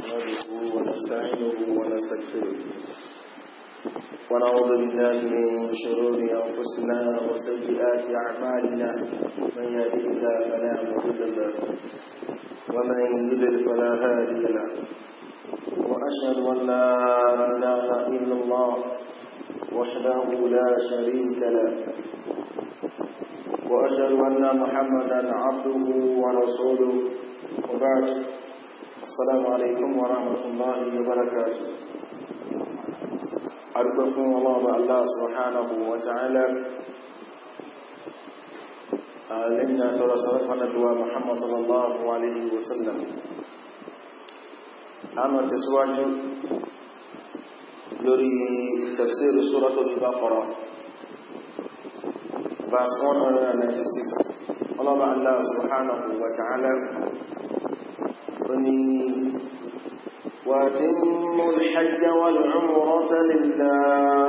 نحمده ونستعينه ونستغفره ونعوذ بالله من شرور أنفسنا وسيئات أعمالنا من يهده الله فلا مضل له ومن يضلل فلا هادي له وأشهد أن لا إله إلا الله وحده لا شريك له وأشهد أن محمدا عبده ورسوله وبعد السلام عليكم ورحمة الله وبركاته أرجو أن الله الله سبحانه وتعالى لمن أن شرفنا دعاء محمد صلى الله عليه وسلم أما تسواج لوري تفسير سورة البقرة verse 196 الله الله سبحانه وتعالى يغني واتموا الحج والعمرة لله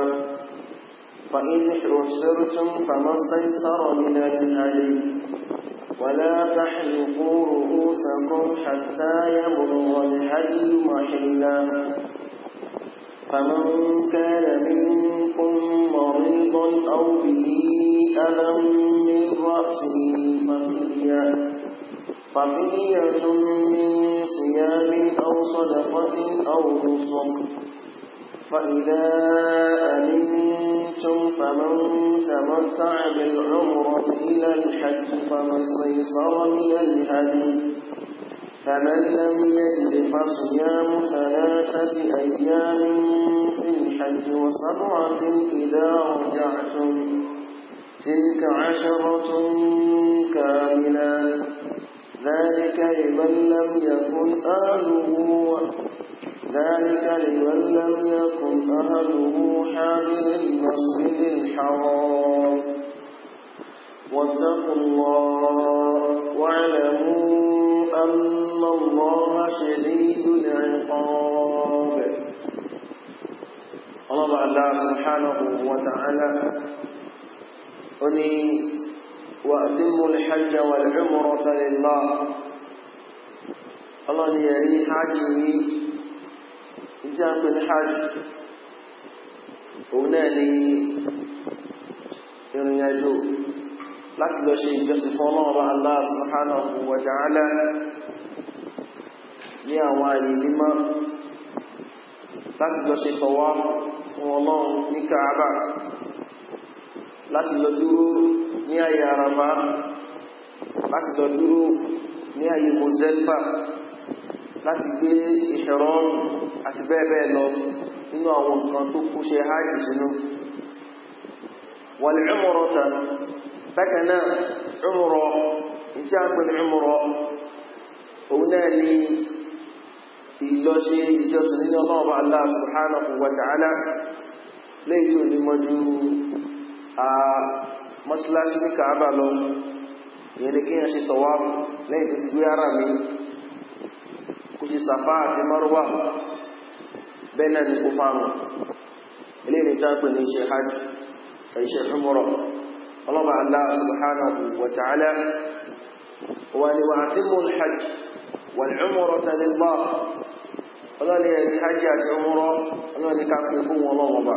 فإن حسرتم فما استيسر من الهدي ولا تحلقوا رؤوسكم حتى يبلغ الهدي محله فمن كان منكم مريضا أو به ألم من رأسه ففدية فقية من صيام أو صدقة أو نصر فإذا أمنتم فمن تمتع بالعمرة إلى الحج فما استيسر من الهدي فمن لم يجد فصيام ثلاثة أيام في الحج وسبعة إذا رجعتم تلك عشرة كاملة ذلك لمن لم يكن أهله ذلك لمن لم يكن أهله حامل المسجد الحرام واتقوا الله واعلموا أن الله شديد العقاب الله سبحانه وتعالى أني وأتموا الحج والعمرة لله ọlọ́ni ẹ̀rí hajj ní ìjẹ́ ń pè ní hajj òun náà ni ìrìn àjò láti lọ ṣe ìjọsìn fún ọlọ́ọ̀bá Allah subhanahu wa ta'ala ní àwọn àyè mímọ́ láti lọ ṣe tọwọ́ fún ọlọ́run ní Kaaba láti lọ dúró ní ayé araba láti lọ dúró ní ayé mozelipa láti gbé ìṣẹ̀rọ àti bẹ́ẹ̀ bẹ́ẹ̀ lọ nínú àwọn nǹkan tó kú ṣe hajj sínú wal umrata bákan náà umra ìtí a ń pè ní òun náà ni ìlọ́ṣe ìjọsìn nínú ọlọ́ọ̀bá Allah subhanahu wa ta'ala lẹ́yìn tó ní mọ́jú mọ́síláṣí ní kàábà lọ ìyẹn ni kí yẹn ṣe tọ̀wá lẹ́yìn tó ti gbé ara mi kò ṣe sàfá àti mọ́rọ́wà bẹ́ẹ̀ náà ni kò fáwọn eléyìí ni táwọn pè ní iṣẹ́ hajj iṣẹ́ umrah ọlọ́ba Allah subhanahu wa ta'ala wà ní wà àti mú hajj wà ní umrata lillah ọlọ́ni ẹ̀rí hajj àti umrah ọlọ́ni ká pè fún wọn lọ́wọ́ bá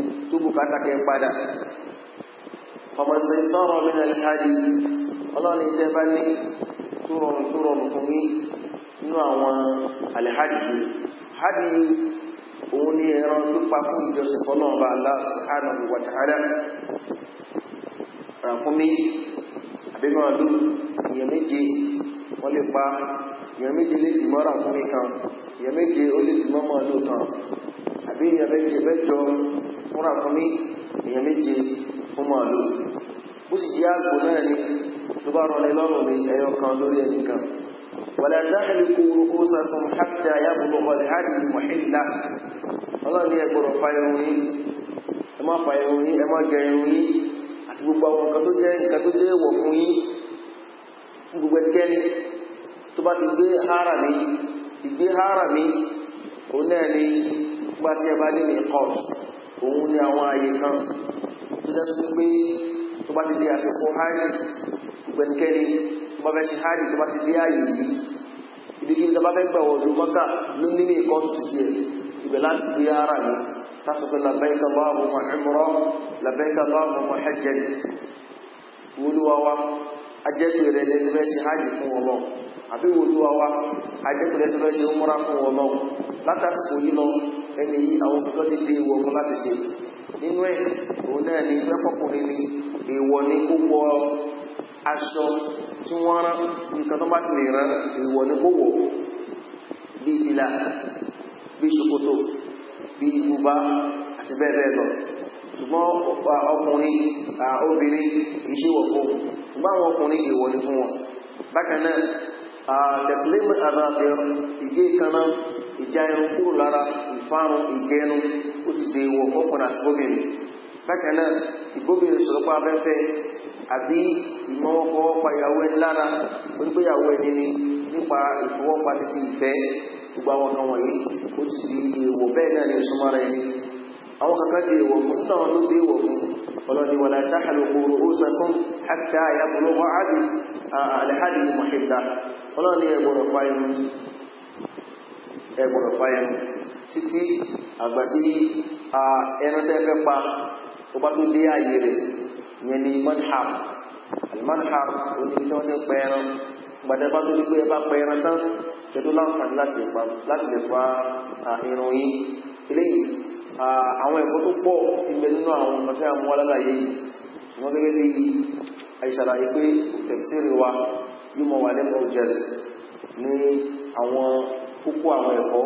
tó bùkátà kẹ padà ọmọọ̀sẹ̀ sọ̀rọ̀ mi náà ìhàdì ọlọ́ni tẹ́ bá ní tó rọrùn tó rọrùn fún yí nínú àwọn alìhàdì yìí hàdì òun ní ha pípa Allah subhanahu wa ta'ala ràkúnmí àbímọ̀ ọdún ha méje pa èèyàn ha lè dìmọ́ kan èèyàn méje ó lè kan àbí èèyàn méje fún ràkúnmí èèyàn méje fún màálù bó sì jẹ́ àgbò náà ni ló bá rọlẹ̀ lọ́rùn ní ẹyọ kan lórí ẹni kan wàlá dáhìlì kú orúkú sàkùn hàtà yàbùkù ọlẹ̀ àdì mọ̀hìlá ọlọ́run ní ẹgbọ̀rọ̀ fa irun ẹ má fa ẹ má gẹ àti gbogbo àwọn nǹkan tó jẹ́ nǹkan tó jẹ́ fún yín fún gbogbo tó bá ti gbé mi mi òun náà ni òun ni àwọn ààyè kan tó jẹ́ sí pé tó bá ti di àsìkò hajj gbẹ̀nikẹ́ni tó bá fẹ́ ṣe hajj tó ti di ààyè yìí tó bá fẹ́ gbà wọ̀dù mọ́kà ló ní ní ìkọ́ tó ti ibẹ̀ láti ara rẹ̀ fẹ́ ṣe hajj ẹni yìí àwọn òbíkan ti di ìwọ kan láti ṣe nínú ẹ òun náà ni ìgbẹ́ kọkùnrin ni ìwọ ni kó wọ aṣọ tí wọ́n rán nǹkan tó bá ti lè rán ìwọ ni kó wọ bí ìlà bí ṣòkòtò bí ìbúbá àti bẹ́ẹ̀ bẹ́ẹ̀ lọ ṣùgbọ́n ọkùnrin obìnrin ìṣèwọ̀ fún ṣùgbọ́n àwọn ọkùnrin ìwọ ni fún wọn bákan náà tẹ̀kùlẹ́mù àdáfẹ́ ìgé kaná ìjà irun kúrò lára fárun ìgẹnu ó ti dè wọ̀ fọ́kùnrin àti gómìnà bákan náà ìgbómìnà sọ̀rọ̀ pa afẹ́fẹ́ àbí ìmọ̀wọ́fọwọ́pa ìyàwó ẹni lára onígbéyàwó ẹni ni nípa ìfọwọ́pa títí ìfẹ́ kan ti di èèwọ̀ bẹ́ẹ̀ náà ní ìsúnmọ́ ara ẹni àwọn kankan di èèwọ̀ fún náà ló dé èèwọ̀ fún ọlọ́ni wala tahliqu ru'usakum hatta yablugha al-hadi muhillah ọlọ́ni ẹ̀gbọ̀rọ̀ fáyẹn títí àgbà tí ẹran tẹ́ fẹ́ pa ó bá tó dé ààyè rẹ̀ yẹn ni manham manham ó ní tí wọ́n ti pẹ ẹran gbàtẹ́ bá tó di pé ẹ bá pẹ ẹran tán tẹ́tó láǹfààní láti lè fa irun yìí eléyìí àwọn ẹ̀kọ́ tó pọ̀ ìgbẹ́ nínú àwọn ọmọ tí a yìí ṣùgbọ́n gẹ́gẹ́ bí àìṣàlàyé pé tẹ̀síìrì wa yóò mọ̀ wà lẹ́nu jẹ́sì ní àwọn púpọ̀ àwọn ẹ̀kọ́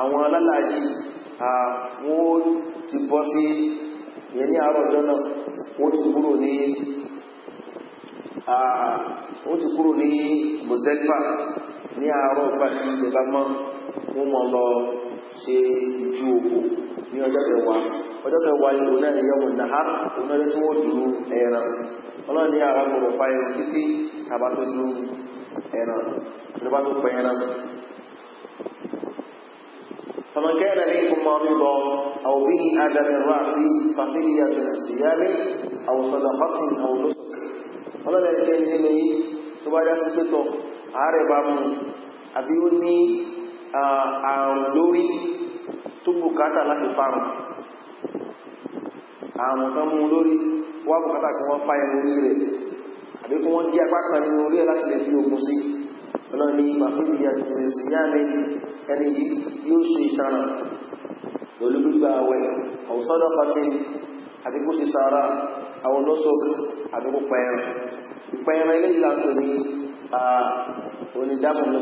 àwọn alálàájì àwọn ti bọ́ sí ìyẹn ní àárọ̀ ọjọ́ náà wọ́n ti kúrò ní wọ́n ti kúrò ní mọ̀sẹ́fà ní àárọ̀ ọgbà tí ilẹ̀ bá mọ́ wọ́n mọ̀ lọ ṣe ìjú òkú ní ọjọ́ kẹwàá ọjọ́ kẹwàá ni òun ẹ̀yọ́ wọn náà òun ẹ̀yọ́ tí wọ́n dùn ẹ̀ràn ọlọ́run ní àwọn ọmọ ọ̀fà títí tàbá ẹ̀ràn tàbá tó pẹ̀ ẹ̀ràn فمن كان منكم مريضا أو به أذى من رأسه ففدية من صيام أو صدقة أو نسك wọ́n lọ́dẹ̀ ẹgbẹ́ nínú yìí tó bá dá sí pẹ́tọ̀ ààrẹ bá mú àbí ó ní àrùn lórí tó bùkátà láti fárùn àrùn kan mú lórí wá bùkátà kí wọ́n fá ẹnu orí rẹ̀ àbí kí wọ́n dí apá kan nínú orí ẹ̀ láti lè fi ogun sí ọlọ́ni ìgbà fún ìyàtọ̀ ìrẹsì yá lẹ́yìn ẹni yìí yóò ṣe ìtara pẹ̀lú gbígba àwẹ̀ ọ̀sọ́dọ̀ pàtí àbíkú ti sára àwọn olóṣòkè àbíkú pẹ̀rẹ̀ ìpẹ̀rẹ̀ ilé ìlànà ní onídàmù ni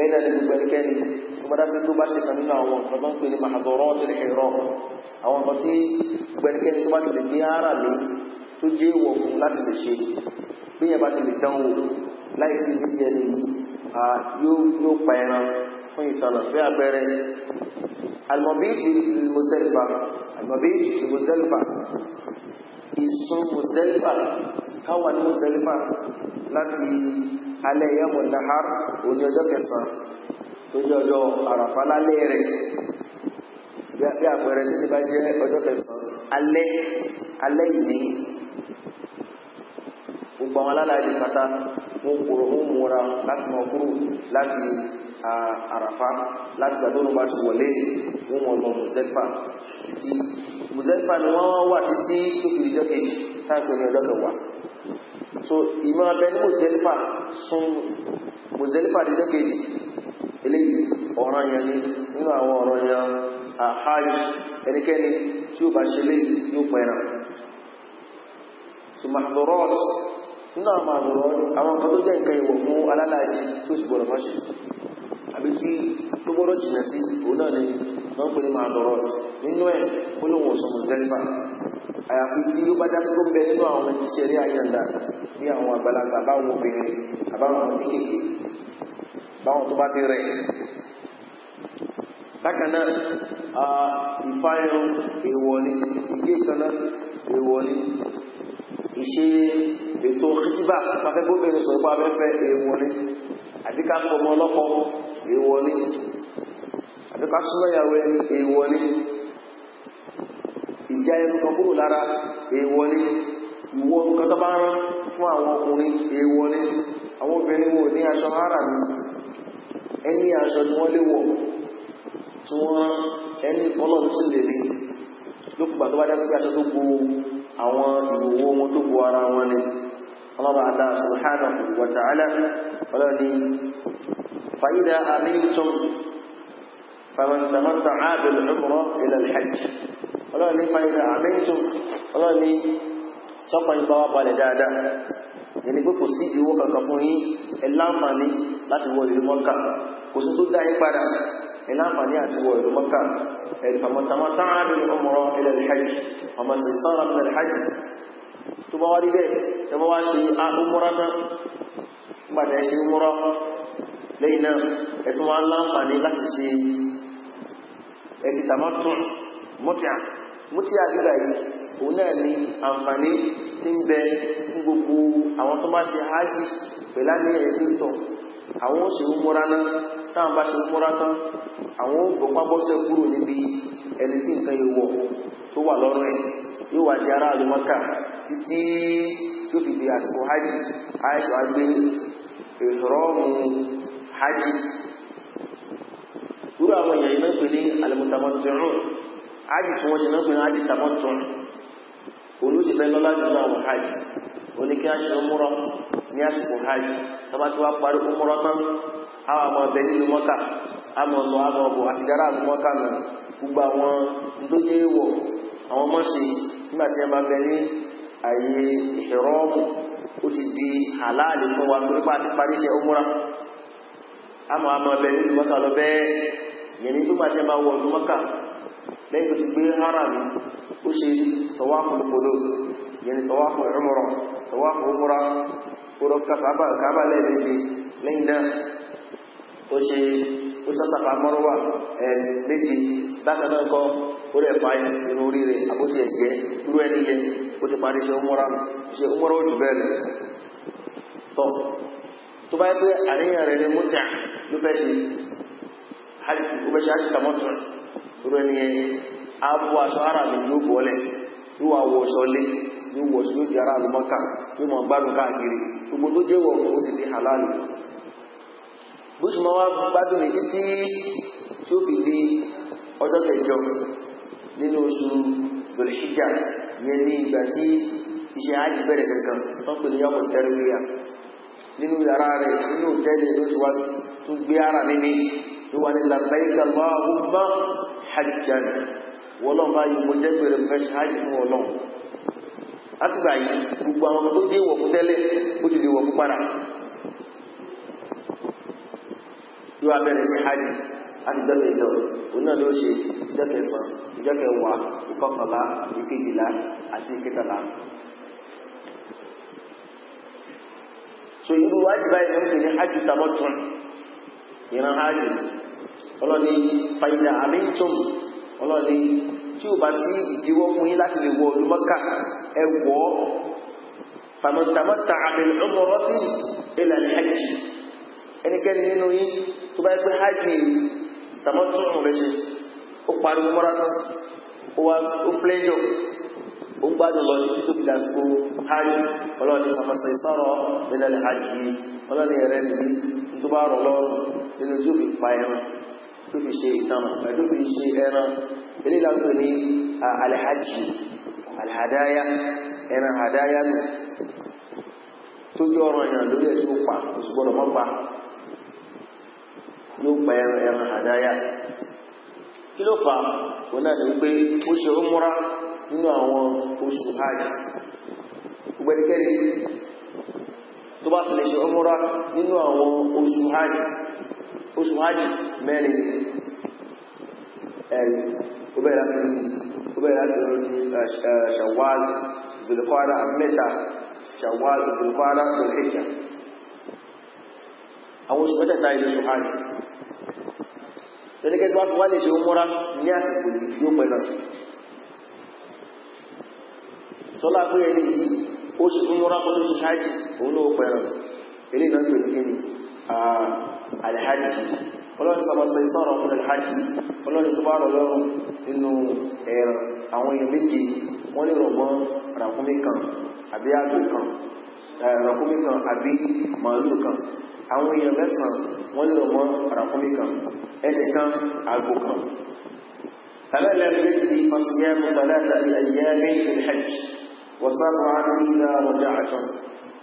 gbogbo ẹnikẹ́ni tó bá dásí tó bá ṣe kan nínú àwọn nǹkan tó ń pè ní mahadọ̀rọ̀ ti rẹ̀ rọ̀ àwọn nǹkan tí gbogbo ẹnikẹ́ni tó bá ti lè gbé ara lé tó jẹ́ ìwọ̀ fún láti lè ṣe bí yẹn ti lè dánwò láìsí ibi ẹni yìí yóò pa ẹran fún ìtànà fún àpẹẹrẹ alimọ̀bíìdì mùsẹ̀lìfà alimọ̀bíìdì mùsẹ̀lìfà ìsun mùsẹ̀lìfà káwà ní mùsẹ̀lìfà láti alẹ́ yẹ́mù nahar òní ọjọ́ kẹsàn-án tó jẹ́ ọjọ́ àràfà lálẹ́ rẹ̀ bí àpẹẹrẹ ní bá jẹ́ ọjọ́ kẹsàn-án alẹ́ alẹ́ yìí gbogbo àwọn alálàájì pátá wọ́n kúrò ó múra láti mọ̀ kúrò láti àràfá láti gbàdúrà bá ti wọlé wọ́n mọ̀ lọ mùsẹ́lfà títí mùsẹ́lfà ni wọ́n wà títí tó fi ìjọ kejì táàkiri ní ọjọ́ kẹwàá so ìmọ̀ abẹ ní mùsẹ́lfà sún mùsẹ́lfà dídọ́ kejì eléyìí ọ̀ràn yẹn ni nínú àwọn ọ̀ràn yẹn àháyì ẹnikẹ́ni tí ó bá ṣe lé yóò pẹ̀ràn so mahdorot nínú àwọn àwòrán àwọn nǹkan tó jẹ́ nǹkan ìwọ̀ fún alálàájì tó sì gbọ́dọ̀ má ṣe àbí tí tó gbọ́dọ̀ jìnà sí òun náà ni wọ́n pè ní máa lọ́rọ̀ nínú ẹ̀ ó lóun ò sọmọ zẹ́lífà àyàfi tí ó bá dásí tó ń bẹ nínú àwọn ti ṣẹlẹ̀ àyàndà bí àwọn àgbàlagbà báwọn obìnrin àbáwọn oníkèké báwọn tó bá ti rẹ̀ bákan náà ìfáyọ̀ èèwọ̀ ni ìgbé ìkànnà èèwọ̀ ni ìṣe ètò kìtìbà pàfẹ́bóbìnrin sọ̀rọ̀ pa afẹ́fẹ́ èèwọ̀ ni àbí ká pọ̀ ọmọ ọlọ́kọ èèwọ̀ ni àbí ká súnmọ́ ìyàwó ẹni èèwọ̀ ni ìjà ẹnu kan kúrò lára èèwọ̀ ni ìwọ nǹkan tó bá rán fún àwọn ọkùnrin èèwọ̀ ni àwọn obìnrin wọn ò ní aṣọ ara mi ẹni aṣọ ni wọ́n lè wọ̀ tí wọ́n ẹni ọlọ́run sì lè rí lókùgbà tó bá dá sí pé aṣọ tó bo àwọn ìwòwò wọn tó bo ara wọn ni. ọlọ́ba Allah subhanahu wa ta'ala ọlọ́ni fa'ida amintum fàmàntàmọ́ta ààbìl umra ila al-hajj ọlọ́ni fa'ida amintum ọlọ́ni sọ́kọ̀ ìbáwà balẹ̀ dáadáa yẹni pé kò sí ìwó kankan fún yín ẹ̀láǹfààní láti wọ ìlú mọ́kà kò sí tó dá yín padà ẹ̀láǹfààní àti wọ ìlú mọ́kà ẹ̀fàmọ́tàmọ́ta ààbìl umra ila al-hajj ọmọ sì sọ́ra ila al-hajj tó bá wá rí bẹ́ẹ̀ tó bá wá ṣe umura ah, náà gbàdá ṣe umura lẹ́yìn náà ẹ̀tún wá láǹfààní láti ṣe ẹ̀sì tamatun mọ́tíà mọ́tíà gbígbà yìí òun náà ni àǹfààní tí ń bẹ fún gbogbo àwọn tó bá ṣe hajj pẹ̀lá ní ẹ̀ẹ́dẹ́gbẹ̀tọ̀ àwọn ó ṣe umura náà táwọn bá ṣe umura tán àwọn ó gbọ́pá bọ́sẹ̀ kúrò níbi ẹni tí nǹkan yìí wọ̀ tó wà lọ́rùn ẹ̀ yóò wá di ará àlú títí tó fi di àsìkò hajj aṣọ agbé ìrọ́mù hajj irú àwọn èèyàn iná pè ní alìmọ̀tàmọ́tìrún hajj tí wọ́n ṣe náà pè ní hajj tàmọ́tìrún lọ́lá jùlọ àwọn hajj a ṣe ní hajj tí parí tán àwọn ọbẹ̀ nínú mọ́kà àmọ́ ọ̀nà àmọ́ ọ̀bọ̀ àti dára gbogbo àwọn nígbà tí a bá bẹ ní àyè ìṣẹ̀rọ́ọ̀mù ó ti di àláàlè fún wa torípa àti parí iṣẹ́ ọmúra àmọ́ àmọ́ bẹ ní ìlúmọ́kà lọ bẹ́ẹ̀ yẹn ní nígbà tí a bá wọ ìlúmọ́kà lẹ́yìn tó ti gbé háràmì ó ṣe tọwáfù lókodó yẹn tọwáfù ìrúmọ̀rọ̀ tọwáfù ọmúra kóró kábà lẹ́ẹ̀mejì lẹ́yìn náà ó ṣe ó sọ́tàfà mọ́rọ́wà ẹ̀ẹ́dẹ́jì bákan náà kọ́ ó lè parí irú oríire àbótí ẹ̀jẹ̀ irú ẹni yẹ ó ti parí ṣe ọmọra ṣe ọmọra ojú bẹ́ẹ̀ lọ tọ́ tó bá yẹ pé àríyàn rẹ̀ ní mútà ló fẹ́ ṣe ó fẹ́ ṣe àṣìkà mọ́tò irú ẹni yẹ á bọ́ aṣọ ara mi yóò bọ́lẹ̀ yóò wá wọ ọṣọ lé yóò wọ sí òjì ara lùmọ́kà yóò mọ̀ gbádùn káàkiri gbogbo tó jẹ́wọ̀ ó ti di halálù bó ṣe máa wá gbádùn ní títí tí ó fi di ọjọ́ kẹjọ nínú oṣù Dhul-Hijjah yẹn ní ìgbà tí iṣẹ́ hajj bẹ̀rẹ̀ kankan wọ́n pè ní yọmọ tẹ́rẹ́wéyà nínú yàrá rẹ̀ nínú òtẹ́lẹ̀ ló ti wá tún gbé ara mi ní ló wà ní labbaika Allahumma hajjan wọ́lọ́ bá yìí mo jẹ́ pèrè mo fẹ́ ṣe fún ọlọ́run láti yìí gbogbo àwọn tó dé ìwọ̀kú tẹ́lẹ̀ ó ti di ìwọ̀kú padà yóò abẹ́rẹ́ sí hajj àti dọ́kẹ̀ ìdọ̀ òun náà ló ṣe dọ́kẹ̀ sàn ọjọ́ kẹwàá ìkọkànlá ìkejìlá àti ìkẹtàlá. so irú hajj báyìí ló ń pè ní hajj tamattu' ìran hajj ọlọ́ni fàyìlà amintum ọlọ́ni tí o bá sí ìdíwọ́ fún yín láti lè wọ ọdún Mọ́kà ẹ wọ̀ ọ́ fàmọ́tàmọ́tà bil-umrati ila al-hajj ẹnikẹ́ni nínú yín tó bá yẹ pé hajj tàmọ́tún rẹ̀ ó pariwo mọ́ra tán ó wá ó flẹ́jọ̀ ó gbádùn lọ títí tó fi dàsìkò hajj ọlọ́ọ̀ni kàmọ́sẹ̀ sọ̀rọ̀ nílẹ̀ hajj ọlọ́ọ̀ni rẹ̀ nìyí tó bá rọ̀ lọ́rùn nínú tó fi pa ẹran tó fi ṣe ìtànà tó fi ṣe ẹran eléyìí láti ní alhajj alhadaya ẹran hadaya nù tó jẹ́ ọ̀rọ̀ ẹ̀yàn lórí ẹ̀ tó pa oṣù pa yóò pa ẹran ẹran hadaya kí ló fà á wọn náà ní pé ó ṣe umura nínú àwọn oṣù hajj gbogbo ẹnikẹ́ni tó bá ti lè ṣe umura nínú àwọn oṣù hajj oṣù hajj mẹ́rin ẹ̀rì ó bẹ̀rẹ̀ láti ó bẹ̀rẹ̀ láti ṣàwàl eh, ìbìlẹ̀kọ́dá mẹ́ta ṣàwàl ìbìlẹ̀kọ́dá ìbìlẹ̀kọ́dá àwọn oṣù mẹ́tẹ̀ẹ̀ta ilé oṣù hajj torí kí wọ́n fi wá lè ṣe múra ní àsìkò yóò pẹ́ náà sọlá pé ẹni yìí ó sì fún múra pọ́lú sí hajj òun ló pẹ́ náà ilé náà pè ní alhaji ọlọ́run tó bá sọ ìsọ̀rọ̀ ọmọ alhaji ọlọ́run tó bá rọ̀ lọ́rùn nínú ẹ̀rọ àwọn èèyàn méje wọ́n lè rọ̀gbọ́n ràkúnmí kan àbí àgbò kan ràkúnmí kan àbí màálù kan àwọn èèyàn mẹ́sàn-án wọ́n lè rọ̀gbọ́n ràkúnmí kan ẹnìkan àgbò kan ẹlẹ́lẹ́mẹ́sì fasiyamu salata ayyami fil hajj wasabu ati ila raja'atun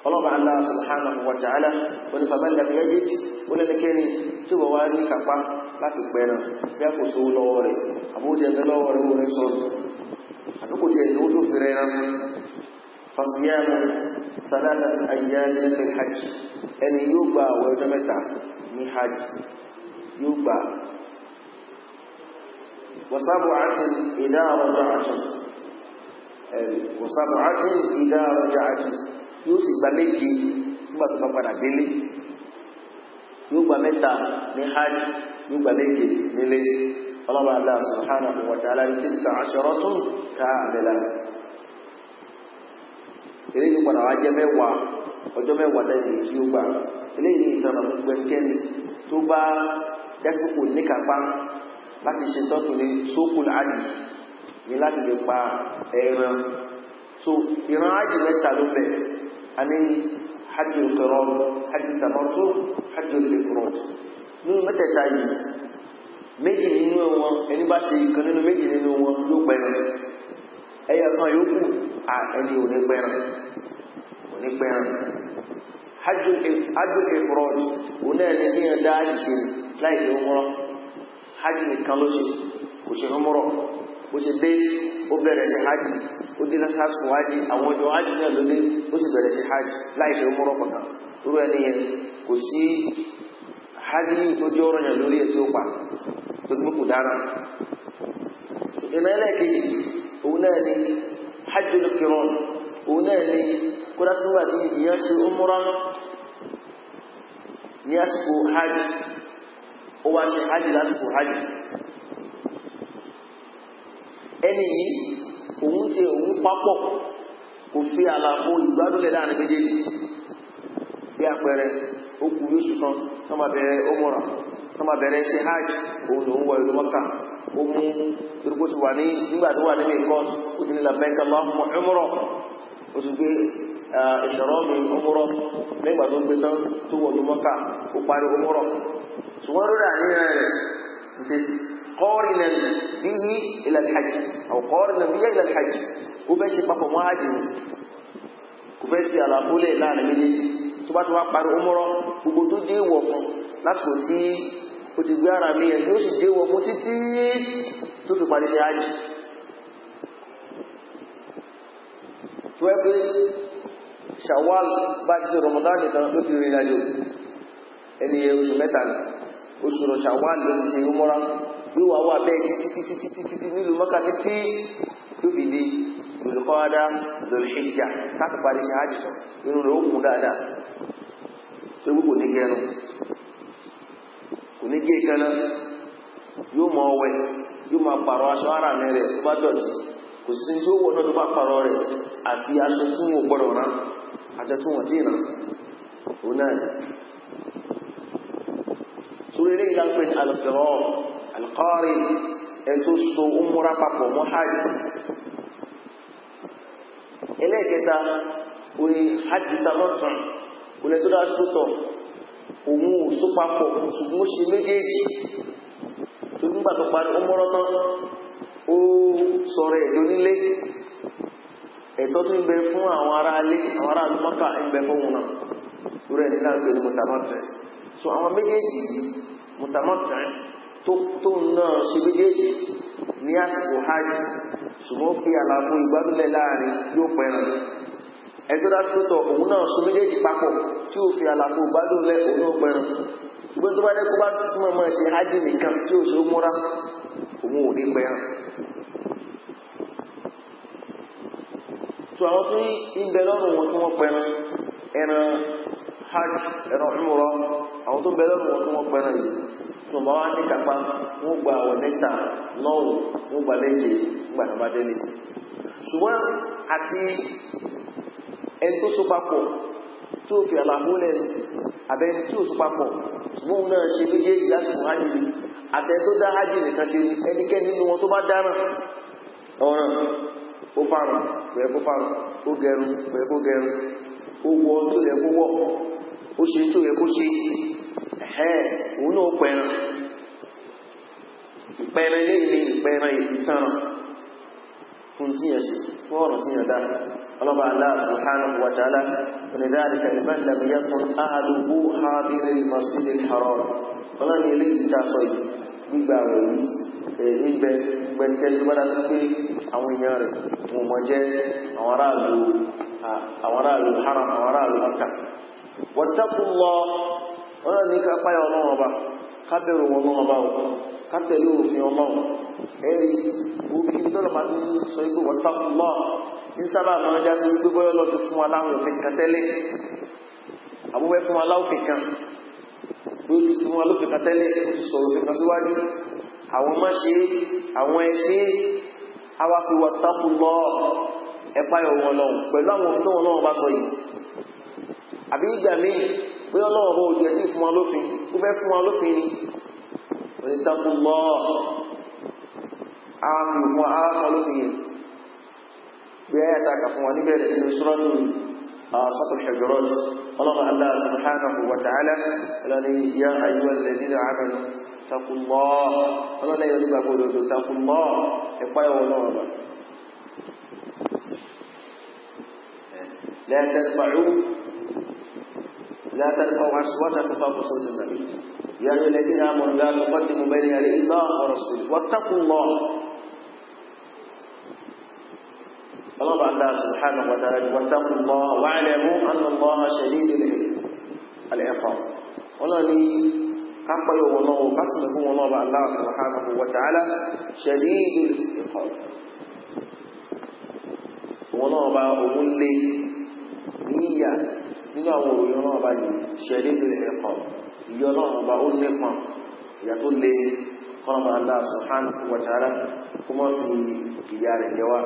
ọlọ́ba Allah subhanahu wa ta'ala onífàmẹ́lẹ̀ méjì ó lẹ́nikẹ́ni tí wọ́n wá ní kápá láti pẹ́ náà bí a kò so lọ́wọ́ rẹ̀ àbójẹ́ ẹgbẹ́ lọ́wọ́ rẹ̀ wọ́n rẹ̀ sọ́rọ̀ àbíkò tí ẹ̀yìn tó fi rẹ̀ náà fasiyamu salata ayyami fil hajj ẹni yóò gba àwọ̀ ẹjọ́ mẹ́ta ní hajj yóò gbà wàsábù àti ìdá ọjọ́ àti wàsábù àti ìdá yóò sì gba méje nígbà tó bá délé yóò gba mẹ́ta ní hajj yóò gba méje nílé ọlọ́ba Allah subhanahu wa ta'ala ní tilka asharatun kamila eléyìí padà wá jẹ́ mẹ́wàá ọjọ́ mẹ́wàá lẹ́yìn tí ó gbà eléyìí ìtàn àwọn gbẹ̀kẹ́ni tó bá dẹ́sí kò ní kápá láti ṣe tọ́tù ní sókùn àjì ní láti lè pa ẹran so ìran àjì mẹ́ta ló bẹ̀ a ní hajj kẹrọ hajj tamattu hajj ifrad nínú mẹ́tẹ̀ẹ̀ta yìí méjì nínú wọn ẹni bá ṣe ìkan nínú méjì nínú wọn ló pẹ̀rẹ̀ ẹyẹ kan yòókù à ẹni ò ní pẹ̀rẹ̀ ò ní pẹ̀rẹ̀ hajj ifrad òun náà ní kí dá àjì ṣe láì ṣe ọmọrọ hajj nìkan ló ṣe kò ṣe ọmọrọ bó ṣe dé ó bẹ̀rẹ̀ ṣe hajj ó dé láti sásùn hajj àwọn ọjọ́ hajj náà ló dé ó sì bẹ̀rẹ̀ ṣe hajj láì ṣe ọmọrọ kankan irú ẹni yẹn kò sí hajj ní ìtọ́jú ọ̀rọ̀ yẹn lórí ẹ̀tí ó pa tó ní kò dára ìmẹ́lẹ̀ kejì òun náà ni hajj ló fi rọrùn òun náà ni kódà sígbà tí ìyẹn ṣe ọmọrọ ní àsìkò hajj ó wá ṣe hajj lásìkò hajj ẹni yìí òun ti òun papọ̀ kò fi àlàfo ìgbádùnlẹ̀ láàrin méjèèjì bí àpẹẹrẹ ó kú yóṣù kan tó máa bẹ̀rẹ̀ ọmọrà tó máa bẹ̀rẹ̀ ṣe hajj òun lòun wọ ìlú mọ́kà ó mú irúgbó ti wà ní nígbà tó wà níbi nǹkan ó ti ní làbẹ́ka lọ́mọ ọmọrọ̀ ọmụrụ. ti gbé ah, ìṣòro nígbà tó gbé tán tó ìlú mọ́kà ó parí ṣùgbọ́n lórí àníyàn rẹ̀ ń ṣe sí kọ́ọ̀rìnà bíyí ìlàlhàjì àwọn kọ́ọ̀rìnà bíyí ìlàlhàjì ó fẹ́ ṣe papọ̀ mọ́ àjì kò fẹ́ ti àlàfo lẹ̀ láàrin méjèèjì tó bá ti wá parí ọmọrọ gbogbo tó dé wọ̀ ẹni oṣù mẹ́ta ni oṣù rọ̀ṣà wà ló ti mọ́ra yóò titi wà bẹ́ẹ̀ títí títí títí títí nílùú mọ́kà títí yóò fi di láti parí ṣe rẹ̀ ó kún dáadáa tó gbogbo ní gẹnu kò ní gé kaná yóò mọ ọwẹ yóò máa aṣọ ara mi rẹ̀ tó bá dọ̀tí kò sí tí ó wọ náà tó bá rẹ̀ aṣọ tí sórí eléyìí la ń alùpùpù alùkọ́rì so umura papọ̀ mọ́ hajj ẹlẹ́ẹ̀kẹta oye hajj tamọ́tàn olè tó dá so papọ̀ ṣùgbọ́n ó ṣe méjèèjì tó ń parí umura tán ó sọ̀rọ̀ ẹ̀tọ́ tó fún àwọn ará àwọn ará ń bẹ fún wọn náà so àwọn méjèèjì mùtàmọ́tàn tó tó náà ṣe méjèèjì ní àsìkò hajj ṣùgbọ́n fi àlàfo ìgbàlúlẹ̀ láàrin yóò pẹ̀ràn ẹgbẹ́ lásìkò òun náà ṣe méjèèjì papọ̀ tí ó fi àlàfo ìgbàlúlẹ̀ òun náà pẹ̀ràn ṣùgbọ́n tó bá dé kó bá túmọ̀ mọ́ ṣe hajj nìkan tí ó ṣe ó múra òun ò ní pẹ̀ràn. tó àwọn tó ń bẹ lọ́rùn wọn tí wọ́n pẹ̀ràn ẹran hajj ẹran ìmúra àwọn tó bẹ̀rẹ̀ wọn tó wọ́n pẹ̀rẹ̀ yìí tó bá wá ní kápá wọ́n gba àwọn mẹ́ta lọ́rùn wọ́n gba méje gbà tó bá délé ṣùgbọ́n àti ẹni tó so papọ̀ tí ó fi àlàbó lẹ́nu àbẹ́ni tí ó so papọ̀ ṣùgbọ́n náà ṣe méjèèjì lásìkò hajj rí àtẹ tó dá hajj nìkan ṣe ni ẹnikẹ́ni nínú wọn tó bá dáràn ọ̀ràn ó fárùn kò yẹ kó fárùn ó gẹrun kò kó gẹrun ó wọ tó yẹ kó wọ̀ ó ṣe tó yẹ kó ṣe ẹ̀hẹ́ òun náà pẹran ìpẹran ilé ilé ìpẹran ìtàn fún tí yẹn fún ọ̀rọ̀ sí yẹn dáa ọlọ́ba Allah subhanahu wa ta'ala ولذلك لمن لم يكن أهله حاضر ọlọ́ni ilé yìí gbígbà rẹ̀ yìí tó bá pé àwọn èèyàn rẹ̀ wọ́n mọ̀ jẹ́ àwọn aráàlú àwọn aráàlú wọ́tẹ́kù lọ ọ̀nà ní ká páyà ọlọ́run ọba ká bẹ̀rù wọn ọlọ́run ọba o ká tẹ̀lé òfin ọlọ́run ẹ̀rí òbí tọ́lọ̀ máa ń sọ pé wọ́tẹ́kù lọ ní sábà máa ń já sí wípé bọ́yọ́ lọ ti fún wa láwọn òfin kan tẹ́lẹ̀ àbúwẹ́ fún wa láwọn òfin kan ló ti fún wa lófin kan tẹ́lẹ̀ ó ti sọ̀rọ̀ òfin kan síwájú àwọn má ṣe àwọn ẹ ṣe àwa fi wọ́tẹ́kù lọ ẹ páyà wọn lọ pẹ̀lú àwọn òfin tó wọn náà bá sọ yìí àbí ìgbà míì pé ọlọ́wọ́ bó jẹ́ sí fún wa lófin ó fẹ́ fún wa lófin ni onítàkùn lọ ààfin fún ààfin lófin yẹn bí ẹ̀ tàkà fún wa níbẹ̀rẹ̀ nínú sọ́rọ́tù sọ́tù Hujurat ọlọ́wọ́ Allah subhanahu wa ta'ala lọ́ni ya ayyuhal ladhina amanu tàkùn lọ ọlọ́lẹ́ yẹn nígbà gbọdọ̀ tàkùn lọ ẹ̀pá ẹ̀wọ̀n náà wà لا تتبعوا لا تلقوا وسوسة فقصد النبي يا أيها الذين آمنوا لا تقدموا بين يدي الله ورسوله واتقوا الله بعد الله سبحانه وتعالى واتقوا الله واعلموا أن الله شديد العقاب لي كم يوم الله قسمه الله الله سبحانه وتعالى شديد العقاب ولنبا أملي نية nínú àwọn òòyìn ọlọ́run bá yìí ṣẹlẹ̀ ìlú ẹ̀kọ́ ìyọ ọlọ́run bá ó nípọn ìyà tó le kọ́nà máa ń dá subhanahu wa ta'ala kó mọ́ fi ìyá rẹ̀ jẹ wá.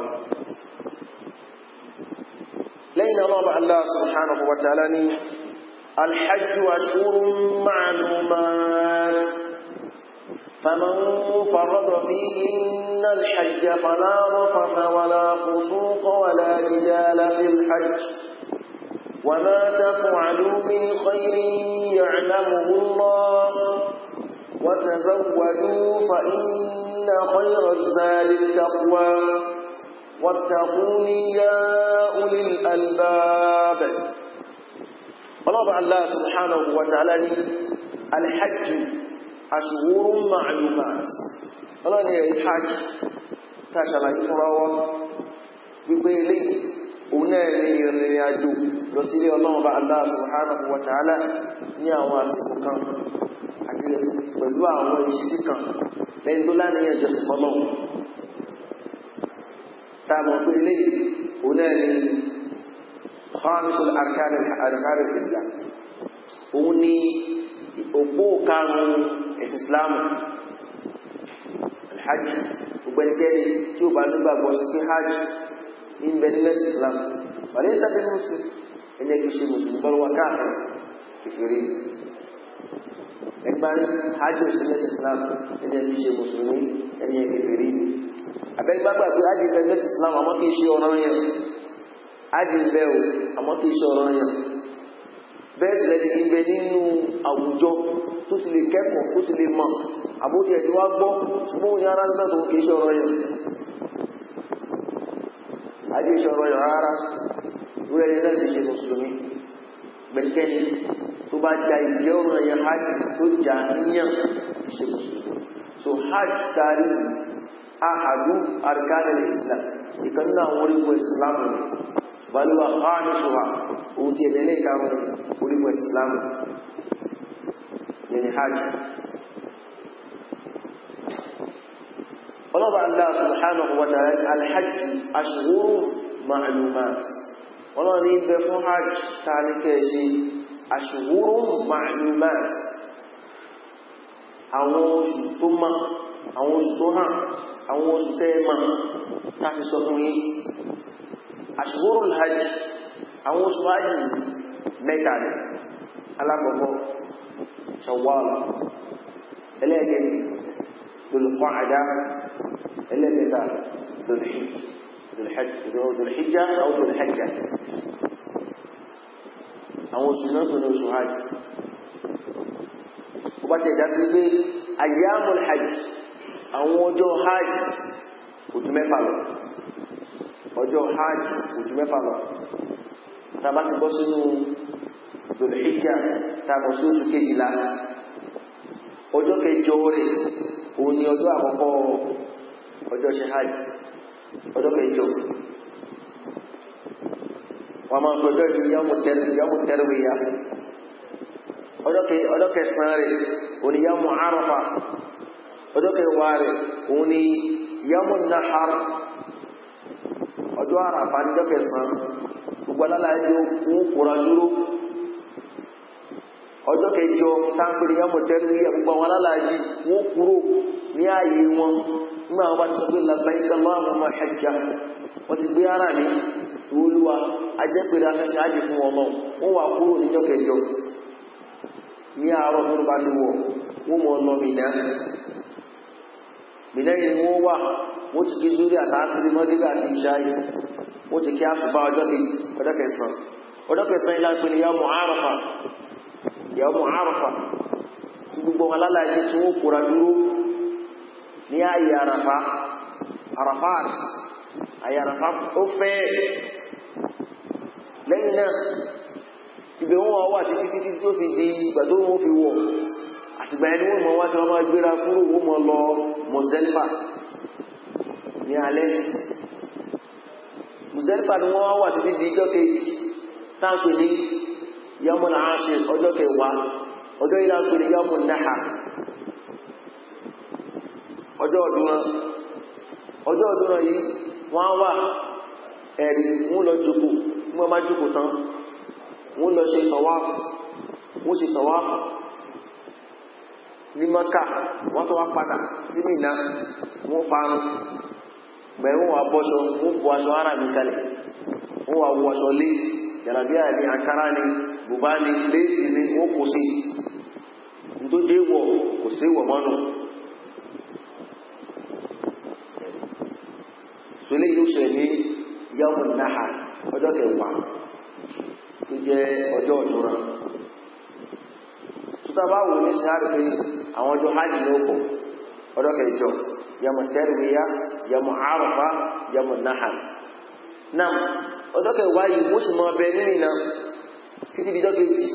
lẹ́yìn náà ọlọ́run bá Allah subhanahu wa ta'ala ní alhajju ashhurun ma'lumat فمن فرض فيهن الحج فلا رفث ولا فسوق ولا جدال في الحج وما تفعلوا من خير يعلمه الله وتزودوا فإن خير الزاد التقوى واتقون يا أولي الألباب فلابع الله سبحانه وتعالى الحج أشهور معلومات فلان الحج تشبه إخراوة بقيلي أنالي الرياجون lọ sí ilé ọlọ́run bá Allah subhanahu wa ta'ala ní àwọn àsìkò kan àti pẹ̀lú àwọn ìṣesí kan lẹ́yìn tó lánìyàn ìjọsìn fọlọ́run tá a mọ̀ pé eléyìí òun náà ni khamisul arkan arkan islam òun ni òpó karùn-ún ẹ̀sìn islam alhaji ògbẹ́nikẹ́ni tí ó bá nígbàgbọ́ sí pé hajj ń bẹ nílẹ̀ islam wàlẹ́ ìsàbẹ̀ muslim ẹ jẹ́ kí ṣe mùsùlùmí bọ́lú wa káàkiri kékeré ẹgbà hajj òsínlẹ̀ islam ẹ jẹ́ kí ṣe mùsùlùmí ẹni kékeré abẹ́gbàgbà pé hajj òsínlẹ̀ islam àmọ́ kì í ṣe ọ̀rọ̀ yẹn hajj ń bẹ́ o àmọ́ kì í ṣe ọ̀rọ̀ yẹn bẹ́ẹ̀ sì lẹ́ni ibẹ̀ nínú àwùjọ tó ti lè kẹ́kọ̀ọ́ tó ti lè mọ̀ àbójú ẹ̀ tí يقول لا ليس مسلمين بل كان تبا جاي يوم يحج تجانيا ليس مسلمين سو حج تاري أحد أركان الإسلام يكون أولي الإسلام بل وخامسها أوتي لك أولي الإسلام يعني حج الله سبحانه وتعالى الحج أشهر معلومات ọlọ́run ní bẹ fún hajj tààlíkẹ́ ṣe àṣùwúrò ma'lumat àwọn oṣù tó mọ́ àwọn oṣù tó hàn àwọn oṣù tẹ́ẹ̀mà láti sọ fún yí àṣùwúrò hajj àwọn oṣù hajj mẹ́ta rẹ̀ alákọ̀ọ́kọ́ Shawwal ẹlẹ́ẹ̀kẹ́ Dhul Qa'dah ẹlẹ́ẹ̀kẹta Dhul Hijja dùlùhíjà àwọn dùlùhíjà àwọn oṣù náà pẹ̀lú oṣù hajj ó bá ti ẹ̀dá sí pé ayyamul hajj àwọn ọjọ́ hajj kò ju mẹ́fà lọ ọjọ́ hajj kò ju mẹ́fà lọ tá a bá ti bọ́ sínú dùlùhíjà tá a bọ̀ sí oṣù kejìlá ọjọ́ kẹjọ rẹ̀ òun ni ọjọ́ àkọ́kọ́ ọjọ́ ṣe hajj ọjọ́ kẹjọ wọ́n máa ń ya yìí ya tẹ́rùwìyà ọjọ́ kẹsàn rẹ̀ òní yọ́mù àrọ̀fà ọjọ́ kẹwàá rẹ̀ òní yọ́mù nahar ọjọ́ àràfà níjọ́ kẹsàn-án gbogbo Ọ ń kóra dúró ọjọ́ kẹjọ táǹpẹ̀lẹ̀ yọ́mù tẹ́rùwìyà gbogbo àwọn alálàájì kúrò ní ààyè wọn nígbà wọn bá ti sọ pé labbaik Allahumma hajjan wọ́n ti gbé ara ní ìwọlúwa ajẹ́pẹ̀rẹ̀ afẹ́ṣẹ́ ájì fún ọmọ wọn wà kúrò níjọ́ kẹjọ ní àárọ̀ tó bá ti wọ̀ wọ́n mọ̀ lọ mìíràn mìíràn yìí wọ́n wà wọ́n ti kí zúrí àtàásírí mọ́dígbà àti ìṣáyé wọ́n ti kí àṣùbá ọjọ́ kẹsàn Arafa ní ayé àràfà àràfàt ayé àràfà ó fẹ́ lẹ́yìn náà ibẹ̀ wọn wà títí títí tó fi di ìgbà tó fi wọ àtìgbà ẹni wọ́n mọ̀ wá tí wọ́n máa gbéra kúrò wọ́n mọ̀ lọ mọ̀sẹ́lífà ní ni wà títí di ìjọ́ kejì táǹpẹ̀ ní yọmọ náà ṣe ọjọ́ ọdúnrán ọjọ́ ọdúnrán yìí wọ́n wà ẹ̀rí wọ́n lọ jùkú wọ́n má jùkú tán wọ́n lọ ṣe tọ̀wáfù wọ́n ṣe ní maka wọ́n tó padà sí Mínà wọ́n farun bẹ̀rẹ̀ wà bọ́ṣọ wọ́n bu aṣọ ara mi kalẹ̀ wọ́n wà wọ aṣọ sọlẹ́ yóò ṣe ní yàwó náà ọjọ́ kẹwàá tó jẹ́ ọjọ́ ìtura tuta bá wò ní sáré pé àwọn ọjọ́ hajj ló kù ọjọ́ kẹjọ yàmù tẹ́rìwíyá yàmù àrùfá yàmù náà náà ọjọ́ kẹwàá yìí mo sì mọ ọbẹ̀ nínú iná títí di ọjọ́ kejì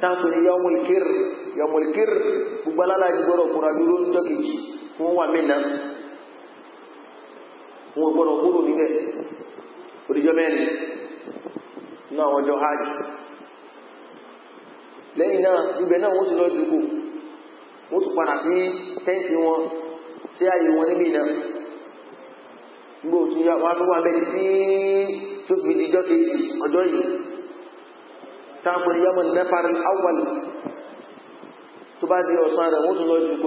táàpù ní yàmù ìkírì yàmù ìkírì gbogbo aláàjì gbọ́dọ̀ kúra dúró ní ọjọ́ kejì fún wàmí wọn gbọ́dọ̀ kúrò nílẹ̀ oríjọ́ mẹ́rin náà wọ́n jọ hajj lẹ́yìn náà ibẹ̀ náà wọ́n sì lọ dùkù wọ́n tún padà sí tẹ́ǹtì wọn sí ààyè wọn níbi náà gbogbo òtún yá wá tó wà bẹ́ẹ̀ tí tó fi di jọ́kejì ọjọ́ yìí táàpù ní yọmọ nẹ́fàrí awàlì tó bá di ọ̀sán rẹ̀ wọ́n tún lọ dùkù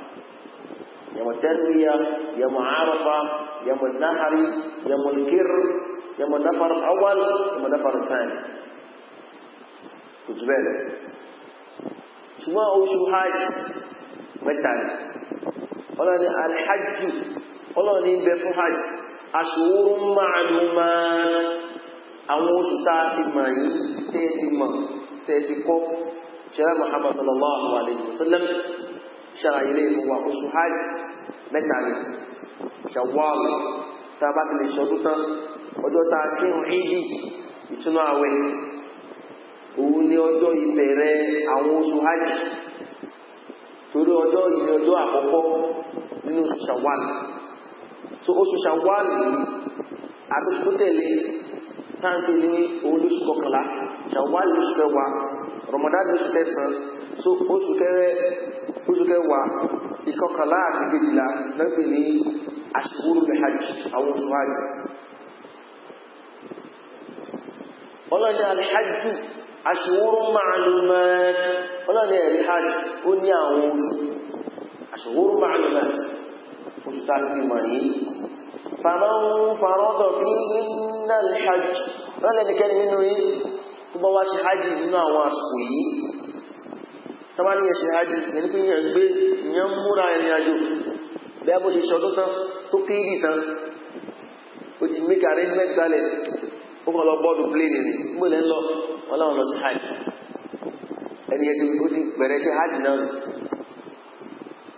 يوم التنمية يوم عرفة يوم النحر يوم الكر يوم النفر الأول يوم النفر الثاني كتبالك شما أوشو حاج متعني قالوا الحج قلنا لي بفو حج أشهر معلومات àwọn oṣù tá a ti mọ̀ yìí tẹ́ ti mọ̀ tẹ́ ti kọ́ ṣẹlẹ̀ Muhammad sallallahu alayhi wa sallam ṣàlàyé lè fún wa oṣù hajj mẹ́ta ni ṣàwọ́ọ̀lù tá a bá ti lè ṣọdún tán ọjọ́ tá a kírun ìdí ìtúnú àwẹ̀ òun ni ọjọ́ ìbẹ̀rẹ̀ àwọn oṣù hajj torí ọjọ́ ìní ọjọ́ àkọ́kọ́ nínú oṣù ṣàwọ́ọ̀lù so oṣù ṣàwọ́ọ̀lù àtúntò tẹ̀lé táǹtì ní òun lóṣù kọkànlá ṣàwọ́ọ̀lù lóṣù kẹwàá rọmọdá lóṣù kẹsàn-án so oṣù kẹrẹ oṣù kẹwàá ìkọkànlá àti kejìlá lẹ́gbẹ̀ẹ́ ní aṣíwúrú bí hajj àwọn oṣù hajj ọlọ́dẹ alhajj aṣíwúrú ma'lumat ọlọ́dẹ alhajj ó ní àwọn oṣù aṣíwúrú ma'lumat oṣù tá a ti mọ̀ ní فمن فرض فيهن الحج ولا نكلم منه ايه تبوا حاجه منه واسقي tọ́bá ní ẹ̀ṣẹ̀ ajé yẹn pé yẹn gbé yẹn múra ìrìn àjò bẹ́ẹ̀ bó ṣe ṣọdún tán tó kéèdì tán ó ti make arrangement balẹ̀ ó kàn lọ bọ́ọ̀dù plane rẹ̀ gbọ́dọ̀ ń lọ wọn láwọn lọ sí hajj ẹni ẹni ó ti bẹ̀rẹ̀ ṣe hajj náà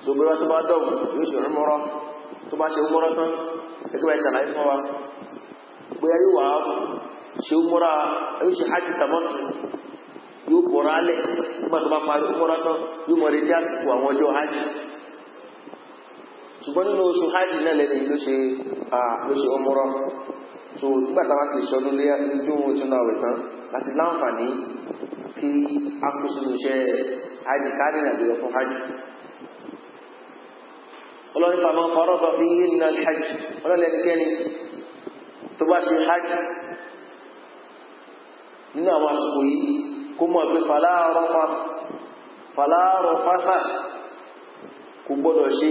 so bí wọ́n tó bá dọ̀gù yóò ṣe rúmọ́rọ́ tó bá ṣe rúmọ́rọ́ tán ẹgbẹ́ bá ṣàlàyé fún wa bóyá yóò wà ṣe rúmọ́rọ́ yóò ṣe hajj tàmọ́tù yóò bọ̀rọ̀ alẹ̀ nígbà tó bá parí umrah tán yóò mọ̀ retí àsìkò àwọn ọjọ́ hajj ṣùgbọ́n nínú oṣù hajj náà lẹ́nu ló ṣe ló ṣe umrah so nígbà táwa kì í ṣọdún lé ní ohun tí ó náà wẹ̀ tán láti láǹfààní kí a kó sínú iṣẹ́ hajj káàdì ìrìnàjò lọ fún hajj ọlọ́run pàmò ọ̀rọ̀bọ̀ fi yé nínú hajj ọlọ́run ẹnikẹ́ni tó bá ṣe hajj nínú àwọn àsìkò yìí kó mọ̀ pé fàlàrọ̀ fàfà kò gbọ́dọ̀ ṣe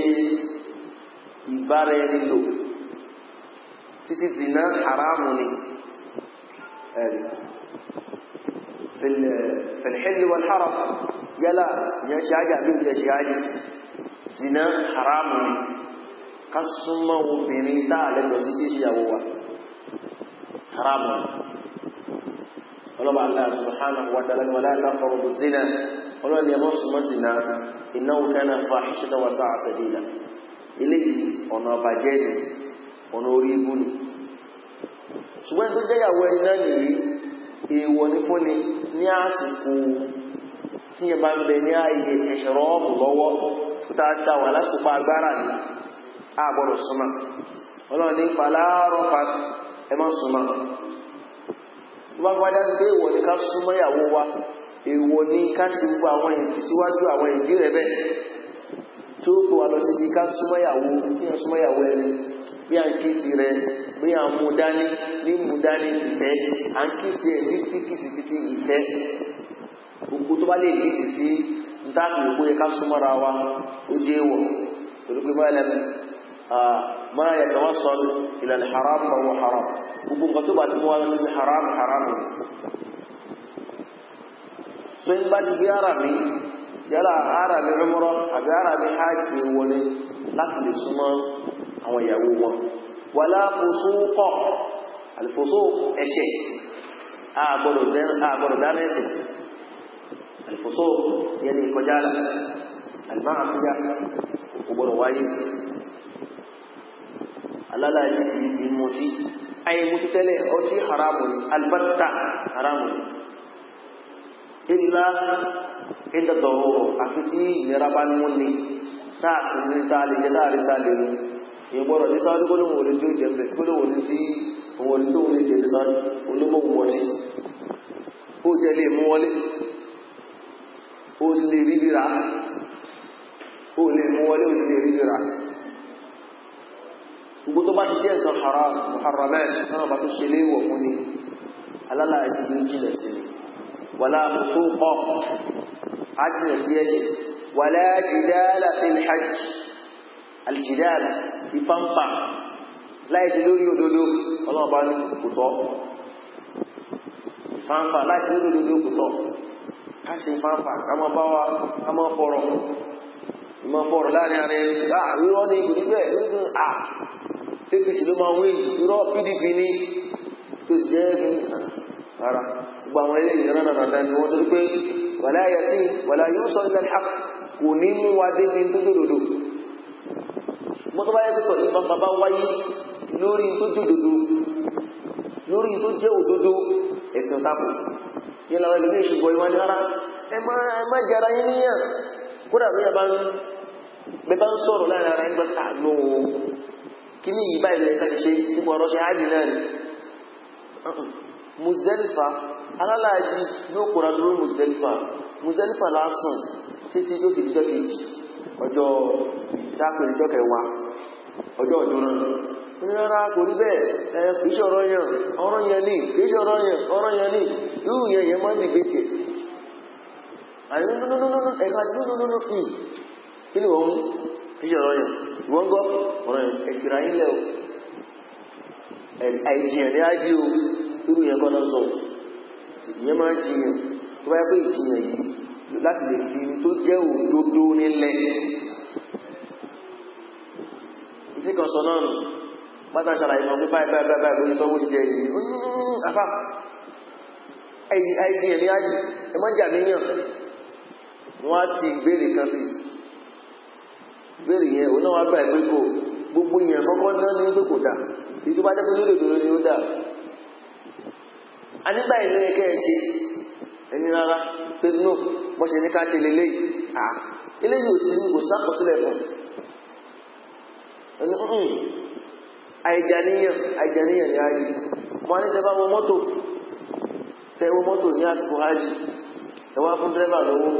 ìbára ẹni lò títí zina haramu ni ẹ̀rì fìlìhìlì wọn haram yálà ìyẹn ṣe ájá bí ìyẹn ṣe ájá zina haramu ni ká súnmọ́ obìnrin dáa lẹ́gbẹ̀ẹ́ sí kí ṣe yàwó wa haramu ni ọlọ́ba Allah subhanahu wa ta'ala wa la taqrabu zina ọlọ́ni ẹmọ́ súnmọ́ zina innahu kana fahishatan wa sa'a sabila ilé yìí ọ̀nà ọ̀bàjẹ́ ni ọ̀nà orí igun ni ṣùgbọ́n tó jẹ́ ìyàwó ẹni náà nìyí èèwọ̀ ní fúnni ní àsìkò tí yẹn bá ń bẹ ní ààyè ẹ̀ṣẹ̀rọ̀ ọ̀bù lọ́wọ́ tó dáa wà lásìkò agbára ni a gbọ́dọ̀ súnmọ́ ọlọ́ni pàlárọ̀ pa ẹmọ́ súnmọ́ tó nke wájá sí pé èèwọ̀ ni ká súnmọ́ ìyàwó wa èèwọ̀ ni ká sì gbogbo àwọn ìdí síwájú àwọn ìdí rẹ̀ bẹ́ẹ̀ tó kó wa lọ sí ibi ká súnmọ́ ìyàwó kí n súnmọ́ ìyàwó ẹni bí à ń kíìsì rẹ bí à ń mú dání ní mú dání ti à ń tí gbogbo tó bá lè sí yẹ ká gbogbo nǹkan tó bá ti mú wa lọ sí haram haram so n bá ti gbé ara mi yálà ara mi umrah àbí ara mi hajj wọlé láti lè súnmọ́ àwọn ìyàwó wọn wàlá fusuqa al-fusuq ẹ̀ṣẹ̀ àgbọ̀dọ̀ dáná ẹ̀ṣẹ̀ al-fusuq yẹn ni ìkọjá al-ma'siyah kò gbọdọ̀ wáyé alálàyé ìmọ̀sí ay mutitele aussi haramuni albatta haramuni illa inda dohoro asiti yarabanmuni ta sisitali yataritalin yoboro isaani kono wolinti jembe kono wolinti wolinti wuni jedisan onumo wosi ujeli muwoli usliribira ule muwoli usliribira gbogbo tó bá ti jẹ́ nǹkan haram muharramat náà bá tó ṣe léèwọ̀ fún ni alálàájì ló jìnà sí ni wàlá fusuqa á jìnà sí ẹ̀ṣẹ̀ wàlá jidala fil hajj aljidala ìfàǹfà láìsí lórí òdodo ọlọ́run bá ní kòtọ́ ìfàǹfà láìsí lórí òdodo kòtọ́ ká ṣe ìfàǹfà ká máa bá wa ká máa fọ̀rọ̀ ìmọ̀ fọ̀rọ̀ láàrin ara ẹni ah irọ́ ni ìgbòdì bẹ́ẹ̀ lórí APC ló máa wí irọ́ PDP ní tó sì jẹ́ ara gbogbo àwọn eléyìí rádaràdà ni wọ́n torí pé wàlá yẹsí wàlá yóò sọ ilẹ̀ hàk kò ní mú wa débi tó jòdòdò mọ́tò bá yẹ pé ìbọn bàbá wáyé lórí tó jòdòdò lórí tó jẹ́ òdodo ẹ̀sìn tako yẹn làwọn ẹlòmíràn ṣùgbọ́n ìwọ́n ní rárá ẹ má jara yín níyàn kódà bí ẹ bá ń sọ̀rọ̀ láàrin ara ẹgbẹ́ ta kíní yìí báyìí lẹ́ka ṣe ṣe ọ̀rọ̀ ṣe áàdì náà ni uh-uh. Muzdalifa alálàájì yóò kóra dúró Muzdalifa Muzdalifa lásán títí tó fi díjọ́ kejì ọjọ́ dápẹ́ ìjọ́ kẹwàá ọjọ́ ọdún na. kò rí bẹ́ẹ̀ ẹ iṣẹ́ ọ̀rọ̀ yẹn ọ̀rọ̀ yẹn ní iṣẹ́ ọ̀rọ̀ yẹn ọ̀rọ̀ yẹn yẹn yẹn máa ń tiẹ̀ nínú ẹ̀ka nínú nínú kí ni wọ́n gọ́ ọ̀rọ̀ ẹ̀kìrà ilẹ̀ o àìjìyàn ní ájí o irú yẹn kọ́nà sọ ìyẹn máa jìyàn tó bá yẹ pé ìjìyàn yìí láti lè fi tó jẹ́ òdodo nílẹ̀ ìsì kan sọ náà nù pátá ṣàlàyé mọ̀ pé báyìí báyìí báyìí lórí sọ́wọ́ jẹ yìí afá àìjìyàn ní ájí ẹ má jà níyàn wọ́n á ti ìbéèrè kan sí i béèrè yẹn òun náà wá gbà pé kò gbogbo yẹn kọ́kọ́ náà ní pé kò dà èyí tó bá jẹ́ pé lórí òdòdó ni ó dà anígbà yìí ló yẹ kẹ́ ẹ ṣe ẹni rárá pé no bó ṣe ní ká ṣe lélẹ́yìí à eléyìí ò sí kò sákọsílẹ̀ fún ẹni àìjàníyàn àìjàníyàn ni ayé wọn ní tẹ́fà wọ mọ́tò tẹ́wọ́ mọ́tò ní àsìkò ayé ẹ wá fún dírẹ́fà lọ́wọ́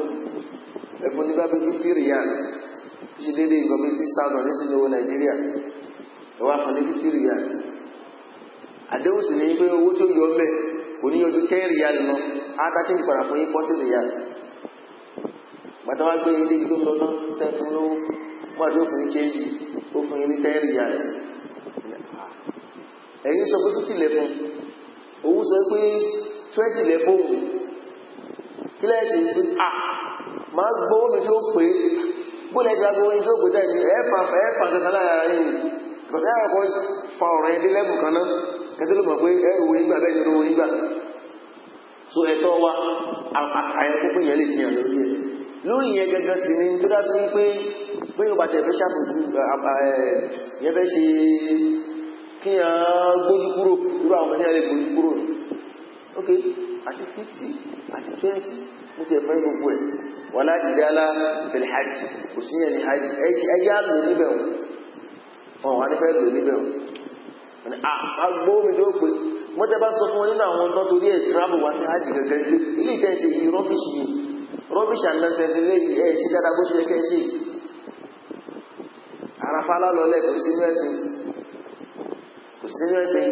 ẹ fún ní bá bí fífi ṣe déédéé nǹkan bíi six thousand ní sílẹ̀ owó nàìjíríà ẹ wá fún ní fifty riyal àdéhùn sì ní pé owó tó yọ ọbẹ̀ kò ní ojú ten riyal lọ átákì ìpàrà fún yín forty riyal bàtà wá gbé ilé tó lọ náà tẹ lówó wọn àti òfin chéjì ó fún yín ní ten riyal ẹ̀yin sọ pé fifty lẹ owó sọ pé twenty kílẹ̀ ṣe ń pè máa bóyá ìṣe agbóhùn ìjọ ògbó jáde ẹ̀fà ẹ̀fà kankan lára yìí ìgbàsẹ̀ ẹ̀rọ kan fa ọ̀rọ̀ ẹ̀dí lẹ́bù kan náà kẹsí ló mọ̀ pé ẹ̀rù wo nígbà bẹ́ẹ̀ ni ó wo nígbà so ẹ̀tọ́ wa àyẹ̀ tó pé yẹn lè fihàn lórí ẹ̀ lórí yẹn gẹ́gẹ́ sì ni tó dá sí pé pé yóò bàtẹ̀ fẹ́ ṣàbùkù yẹn fẹ́ ṣe kí yẹn gbójú kúrò irú àwọn kẹsí yẹn lè gbójú kúrò ok àti fifty àti twenty mo ti ẹ̀fẹ́ gbogbo ẹ̀ wàlá ìdálá na kò sí yẹn ní hajj ẹyá lò níbẹ̀ o wọn wà ní fẹ́ lò níbẹ̀ wọn agbó ah, mi tó pé wọ́n tẹ́ bá sọ fún wọn nínú àwọn ọ̀dọ́ torí ẹ̀ travel wá sí hajj ilé ìtẹ́ ṣe yìí rọ́bìṣì yìí rọ́bìṣì àlẹ́sẹ̀ ẹ̀ dáadáa bó ṣe ṣe kò sí inú ẹ̀sìn kò sí inú ẹ̀sìn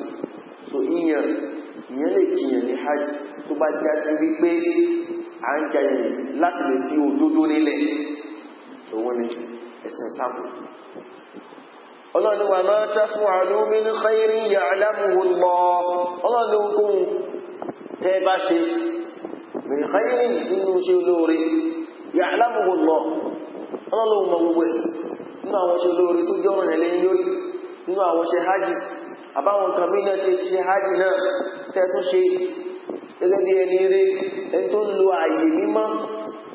ah, so ìyàn ìyàn lè jìyàn ní hajj tó bá já sí wípé à ń jayàn láti lè fi òdodo nílẹ̀ òun ni ẹ̀sìn sáàmù ọlọ́ni wà máa àlómi ní khairin ya'lamuhu Allah ogun tẹ́ bá ṣe min khairin nínú ṣe olóore ya'lamuhu Allah ọlọ́ni ogun mọ̀ gbogbo nínú àwọn ṣe olóore tó jọ́ ọ̀rìn lórí nínú àwọn ṣe hajj àbáwọn nǹkan mí náà ti ṣe hajj náà tẹ́tún ṣe gẹ́gẹ́ bí ẹni eré ẹni tó ń lo ààyè mímọ́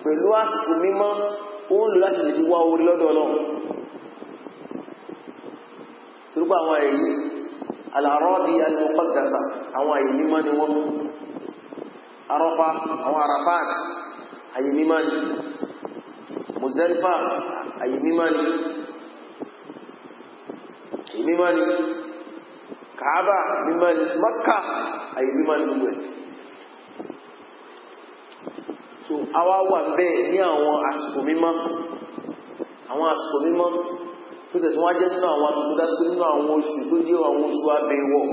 pẹ̀lú àsìkò mímọ́ ó ń lò láti lè fi wá orí lọ́dọ̀ náà turúkọ àwọn àyè yìí alàrọ́ọ̀dì alùpàgàsà àwọn àyè mímọ́ ni wọ́n arọ́pá àwọn arafat àyè mímọ́ ni Muzdalifa àyè mímọ́ ni àyè mímọ́ ni kaaba mímọ́ ni maka àyè mímọ́ ni gbogbo ẹ̀ so àwa wà bẹ́ẹ̀ ní àwọn àsìkò mímọ́ àwọn àsìkò mímọ́ tó tẹ̀sí wọ́n á jẹ́ nínú àwọn àsìkò dáṣe nínú àwọn oṣù tó jẹ́ àwọn oṣù abẹ́wọ̀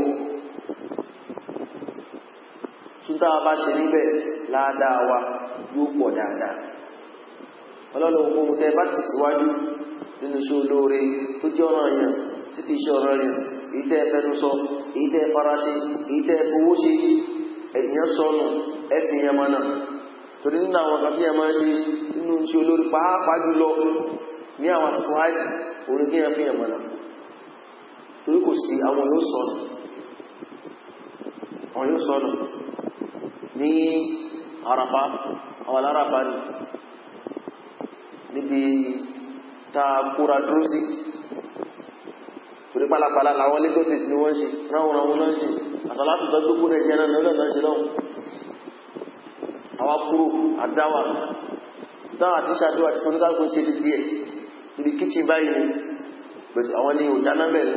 túntà bá ṣe níbẹ̀ ládàá wa yóò pọ̀ dáadáa ọlọ́run ohun tẹ bá ti síwájú nínú iṣẹ́ olóore tó jẹ́ ọ̀ràn yẹn tí kì í yẹn èyí tẹ́ fẹnu sọ èyí tẹ́ fara ṣe èyí tẹ́ owó ṣe ènìyàn sọnù ẹ̀fìn yẹn mọ́ náà torí nínú àwọn kan tí yẹn máa ń ṣe nínú ṣe olórí pàápàá jùlọ ní àwọn àsìkò àìsí orí kí yẹn fi yẹn náà torí kò sí àwọn yóò sọnù àwọn yóò sọnù ní àràfá àwọn aláràfá ni níbi tá a kóra dúró sí torí pálapàla làwọn Lagos state ni wọ́n ń ṣe ráhùn ráhùn náà ń ṣe àsàlátù tó gbogbo nàìjíríà náà lọ́dọ̀ náà ṣe lọ́hùn àwa kúrò àdáwà dáwà tí ṣáájú àti kan nígbàgbọ́ ṣe ti tiẹ̀ ibi kíchìn báyìí ni bẹ̀sẹ̀ àwọn ni òdáná bẹ̀rẹ̀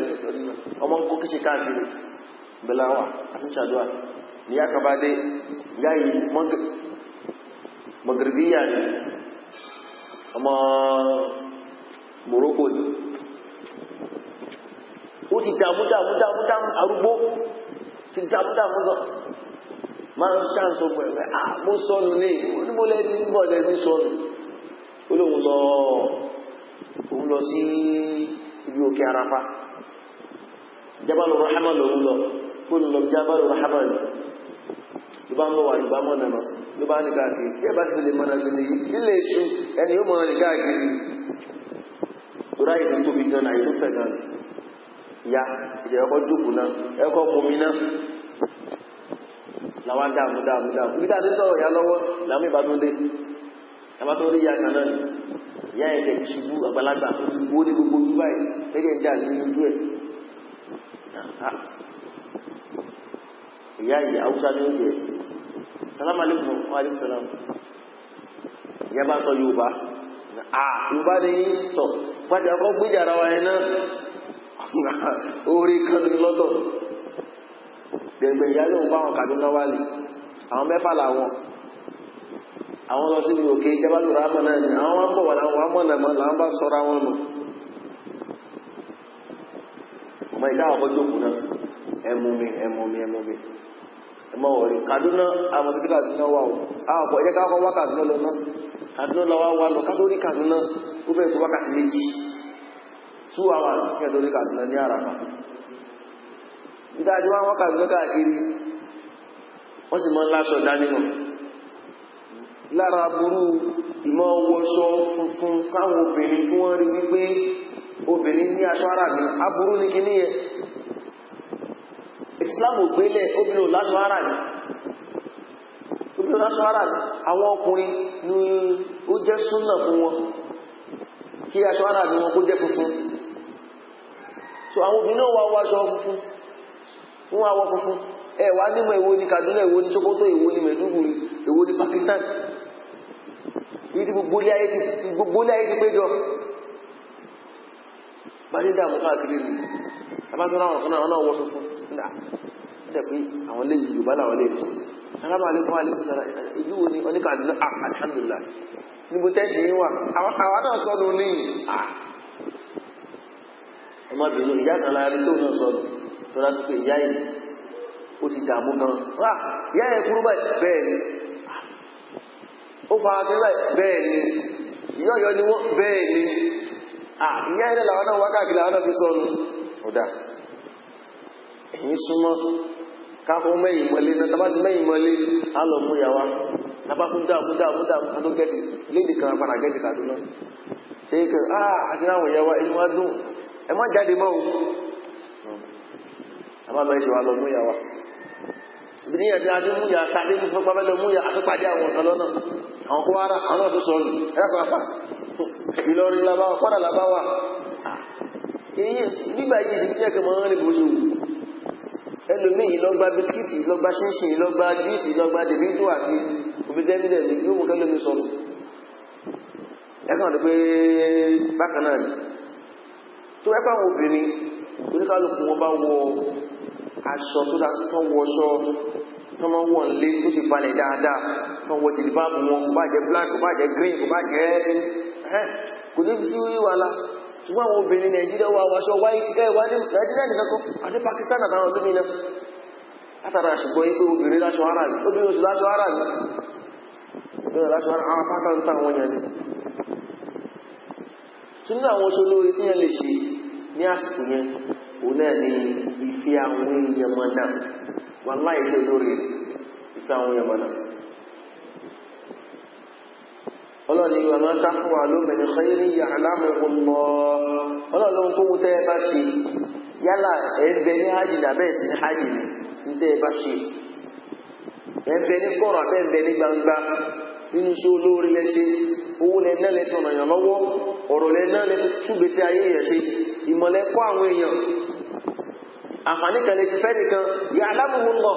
ọmọ ń kó kíchìn káàkiri bẹ̀lẹ̀ àwà àti ṣáájú à níyà kan mọ̀gìrìbíyà ni ọmọ Morocco ni ó ti dààmú dààmú dààmú dààmú arúgbó ti dààmú dààmú lọ máa ń ṣàǹsọ pẹ̀lú à mo sọnù ní onímọ̀lẹ́ ní bọ̀dẹ̀ ní sọnù ó lóun lọ òun lọ sí ibi òkè Arafa Jabalu Rahama lòun lọ fóònù lọ Jabalu Rahama ni ló bá ń bọ̀ wà ló bá mọ̀ nànà ló bá ní káàkiri bí ẹ bá sì lè mọ̀ náà sí ni ilé iṣu ẹni yóò mọ̀ ní káàkiri tó ráyè tó tóbi gan náà yóò fẹ̀ gan náà. ya ìjẹ́ ọkọ jókòó náà ẹ̀kọ́ mumi náà làwọn dààmú dààmú dààmú ibi tá a ya lọwọ làwọn ìbá ya ya kan náà ìyá ẹ̀ kẹ̀ ṣubú àgbàlagbà tó ti wó ní gbogbo ojú báyìí lẹ́yìn ìjà ní ojú ẹ̀ ìyá yìí salamu wa alaykum salam ìyá bá sọ yorùbá yorùbá ni gbéjà ara wa yẹn náà. orí kan ní lọ́tọ̀ gbẹ̀gbẹ̀ ìyá yóò bá àwọn Kaduna wálé àwọn mẹ́fà làwọn àwọn lọ òkè náà ni àwọn wọn bọ̀ wà láwọn wọn mọ̀nà mọ́ làwọn bá sọ̀rọ̀ àwọn nù lọ náà Kaduna lọ wá wà lọ kátó rí Kaduna ó sọ two hours kí ẹ tó lè ní àràfà tí wọn wọ́n kàdúná káàkiri wọ́n sì lára burú ìmọ̀ wọṣọ funfun káwọn obìnrin kí wọn rí wípé obìnrin ní aṣọ ara aburú ní kíní yẹn Islam ò gbélẹ̀ obìnrin ò láṣọ ara obìnrin ò láṣọ ara àwọn ọkùnrin ó súnà fún àwọn obìnrin náà wá wáṣọ funfun wọn àwọ funfun ẹ wá nímọ̀ èwo ni Kaduna èwo ni Sokoto èwo ni Maiduguri èwo ni Pakistan ibi tí gbogbo ilé ayé ti péjọ bá ní dààmú káàkiri nù abátúrà àwọn fúnra ọ̀nà ọwọ́ funfun nígbà dẹ̀pẹ́ àwọn lè yorùbá làwọn lè fún sálámà alẹ́kọ́ alẹ́kọ́ sára ìlú wo ni oníkàdúnà ah, alhamdulillah níbo tẹ́ẹ̀tì yín wà àwọn náà sọ́nù níyì ẹ má bínú ìyá kan lára tó náà sọnù tó rà sí pé ìyá yìí ó ti dààmú gan wá ìyá yẹn kúrú báyìí bẹ́ẹ̀ ni ó fa akẹ́ báyìí bẹ́ẹ̀ ni ìyọ́yọ́ ni wọ́n bẹ́ẹ̀ ni ìyá yẹn làwọn náà wákàkiri àwọn náà fi sọnù ọ̀dà ẹ̀yin súnmọ́ káfọ́ mẹ́yìn mọ́lé náà tábàtí mẹ́yìn mọ́lé á lọ mú ìyá wa nàbà fún dáa fún dáa fún gẹ́tì léde kan apára gẹ́tì kàdúná ṣe kẹ́ ah àti náà wọ̀nyẹ̀wá ẹni wá dùn ẹ má jáde mọ́ o àbá lọ ṣe wa lọ múyà wa ibi ní ẹ̀dá adé múyà tàbí fún pápá lọ múyà àtúpàdé àwọn kan lọ́nà àwọn kó ara àwọn ọ̀tún sọ̀rọ̀ ẹ̀kọ́ apá Ìlọrin làbá wa Kwara làbá wa èyí bíbá yìí ti jẹ́ kẹ́mọ́ rìn bó ṣe wù ẹlòmíì ìlọgba bisikíìtì ìlọgba ṣinṣin ìlọgba júùsì ìlọgba dèbídò àti omi dẹ́mídẹ́mí yóò mú kẹ́lómi sọ̀rọ̀ ẹ̀kan rẹ̀ pé bákan náà ni tó ẹ fáwọn obìnrin oníkálukú wọn bá wọ aṣọ tó dá tó wọ ọṣọ tó máa wọ̀ nílé tó sì balẹ̀ dáadáa tó wọ wọn kò bá jẹ́ black kò bá green kò bá jẹ́ kò ní sí wàhálà ṣùgbọ́n àwọn obìnrin nàìjíríà wà wáṣọ pakistan àtàwọn látara ṣùgbọ́n yìí pé obìnrin láṣọ ara obìnrin oṣù láṣọ ara láṣọ ara ní àsìkò yẹn òun náà ni ìfẹ́ àwọn èèyàn mọ̀ náà wà láì ṣe olórí ìfẹ́ àwọn èèyàn mọ̀ náà. ọlọ́ni wà máa tá fún wa lómìnir khayri ya'lamuhu Allah ọlọ́ni ohun tó wù tẹ́ ẹ bá ṣe yálà ẹ ń bẹ ní hajj ní abẹ́ ìsìn hajj ní tẹ́ ẹ bá ṣe ẹ ní kọ̀rọ̀ abẹ́ ń ní gbangba nínú iṣẹ́ olórí lẹ́ṣẹ́ owó lẹ́ná lẹ́tọ̀nà yàn lọ́wọ́ ọ̀rọ̀ lẹ́ná lẹ́tọ̀ túgbèsè ayé yẹn ṣe ìmọ̀lẹ̀ kọ́ àwọn èèyàn àǹfààní kan lè ti fẹ́ nìkan yà alábùwò lọ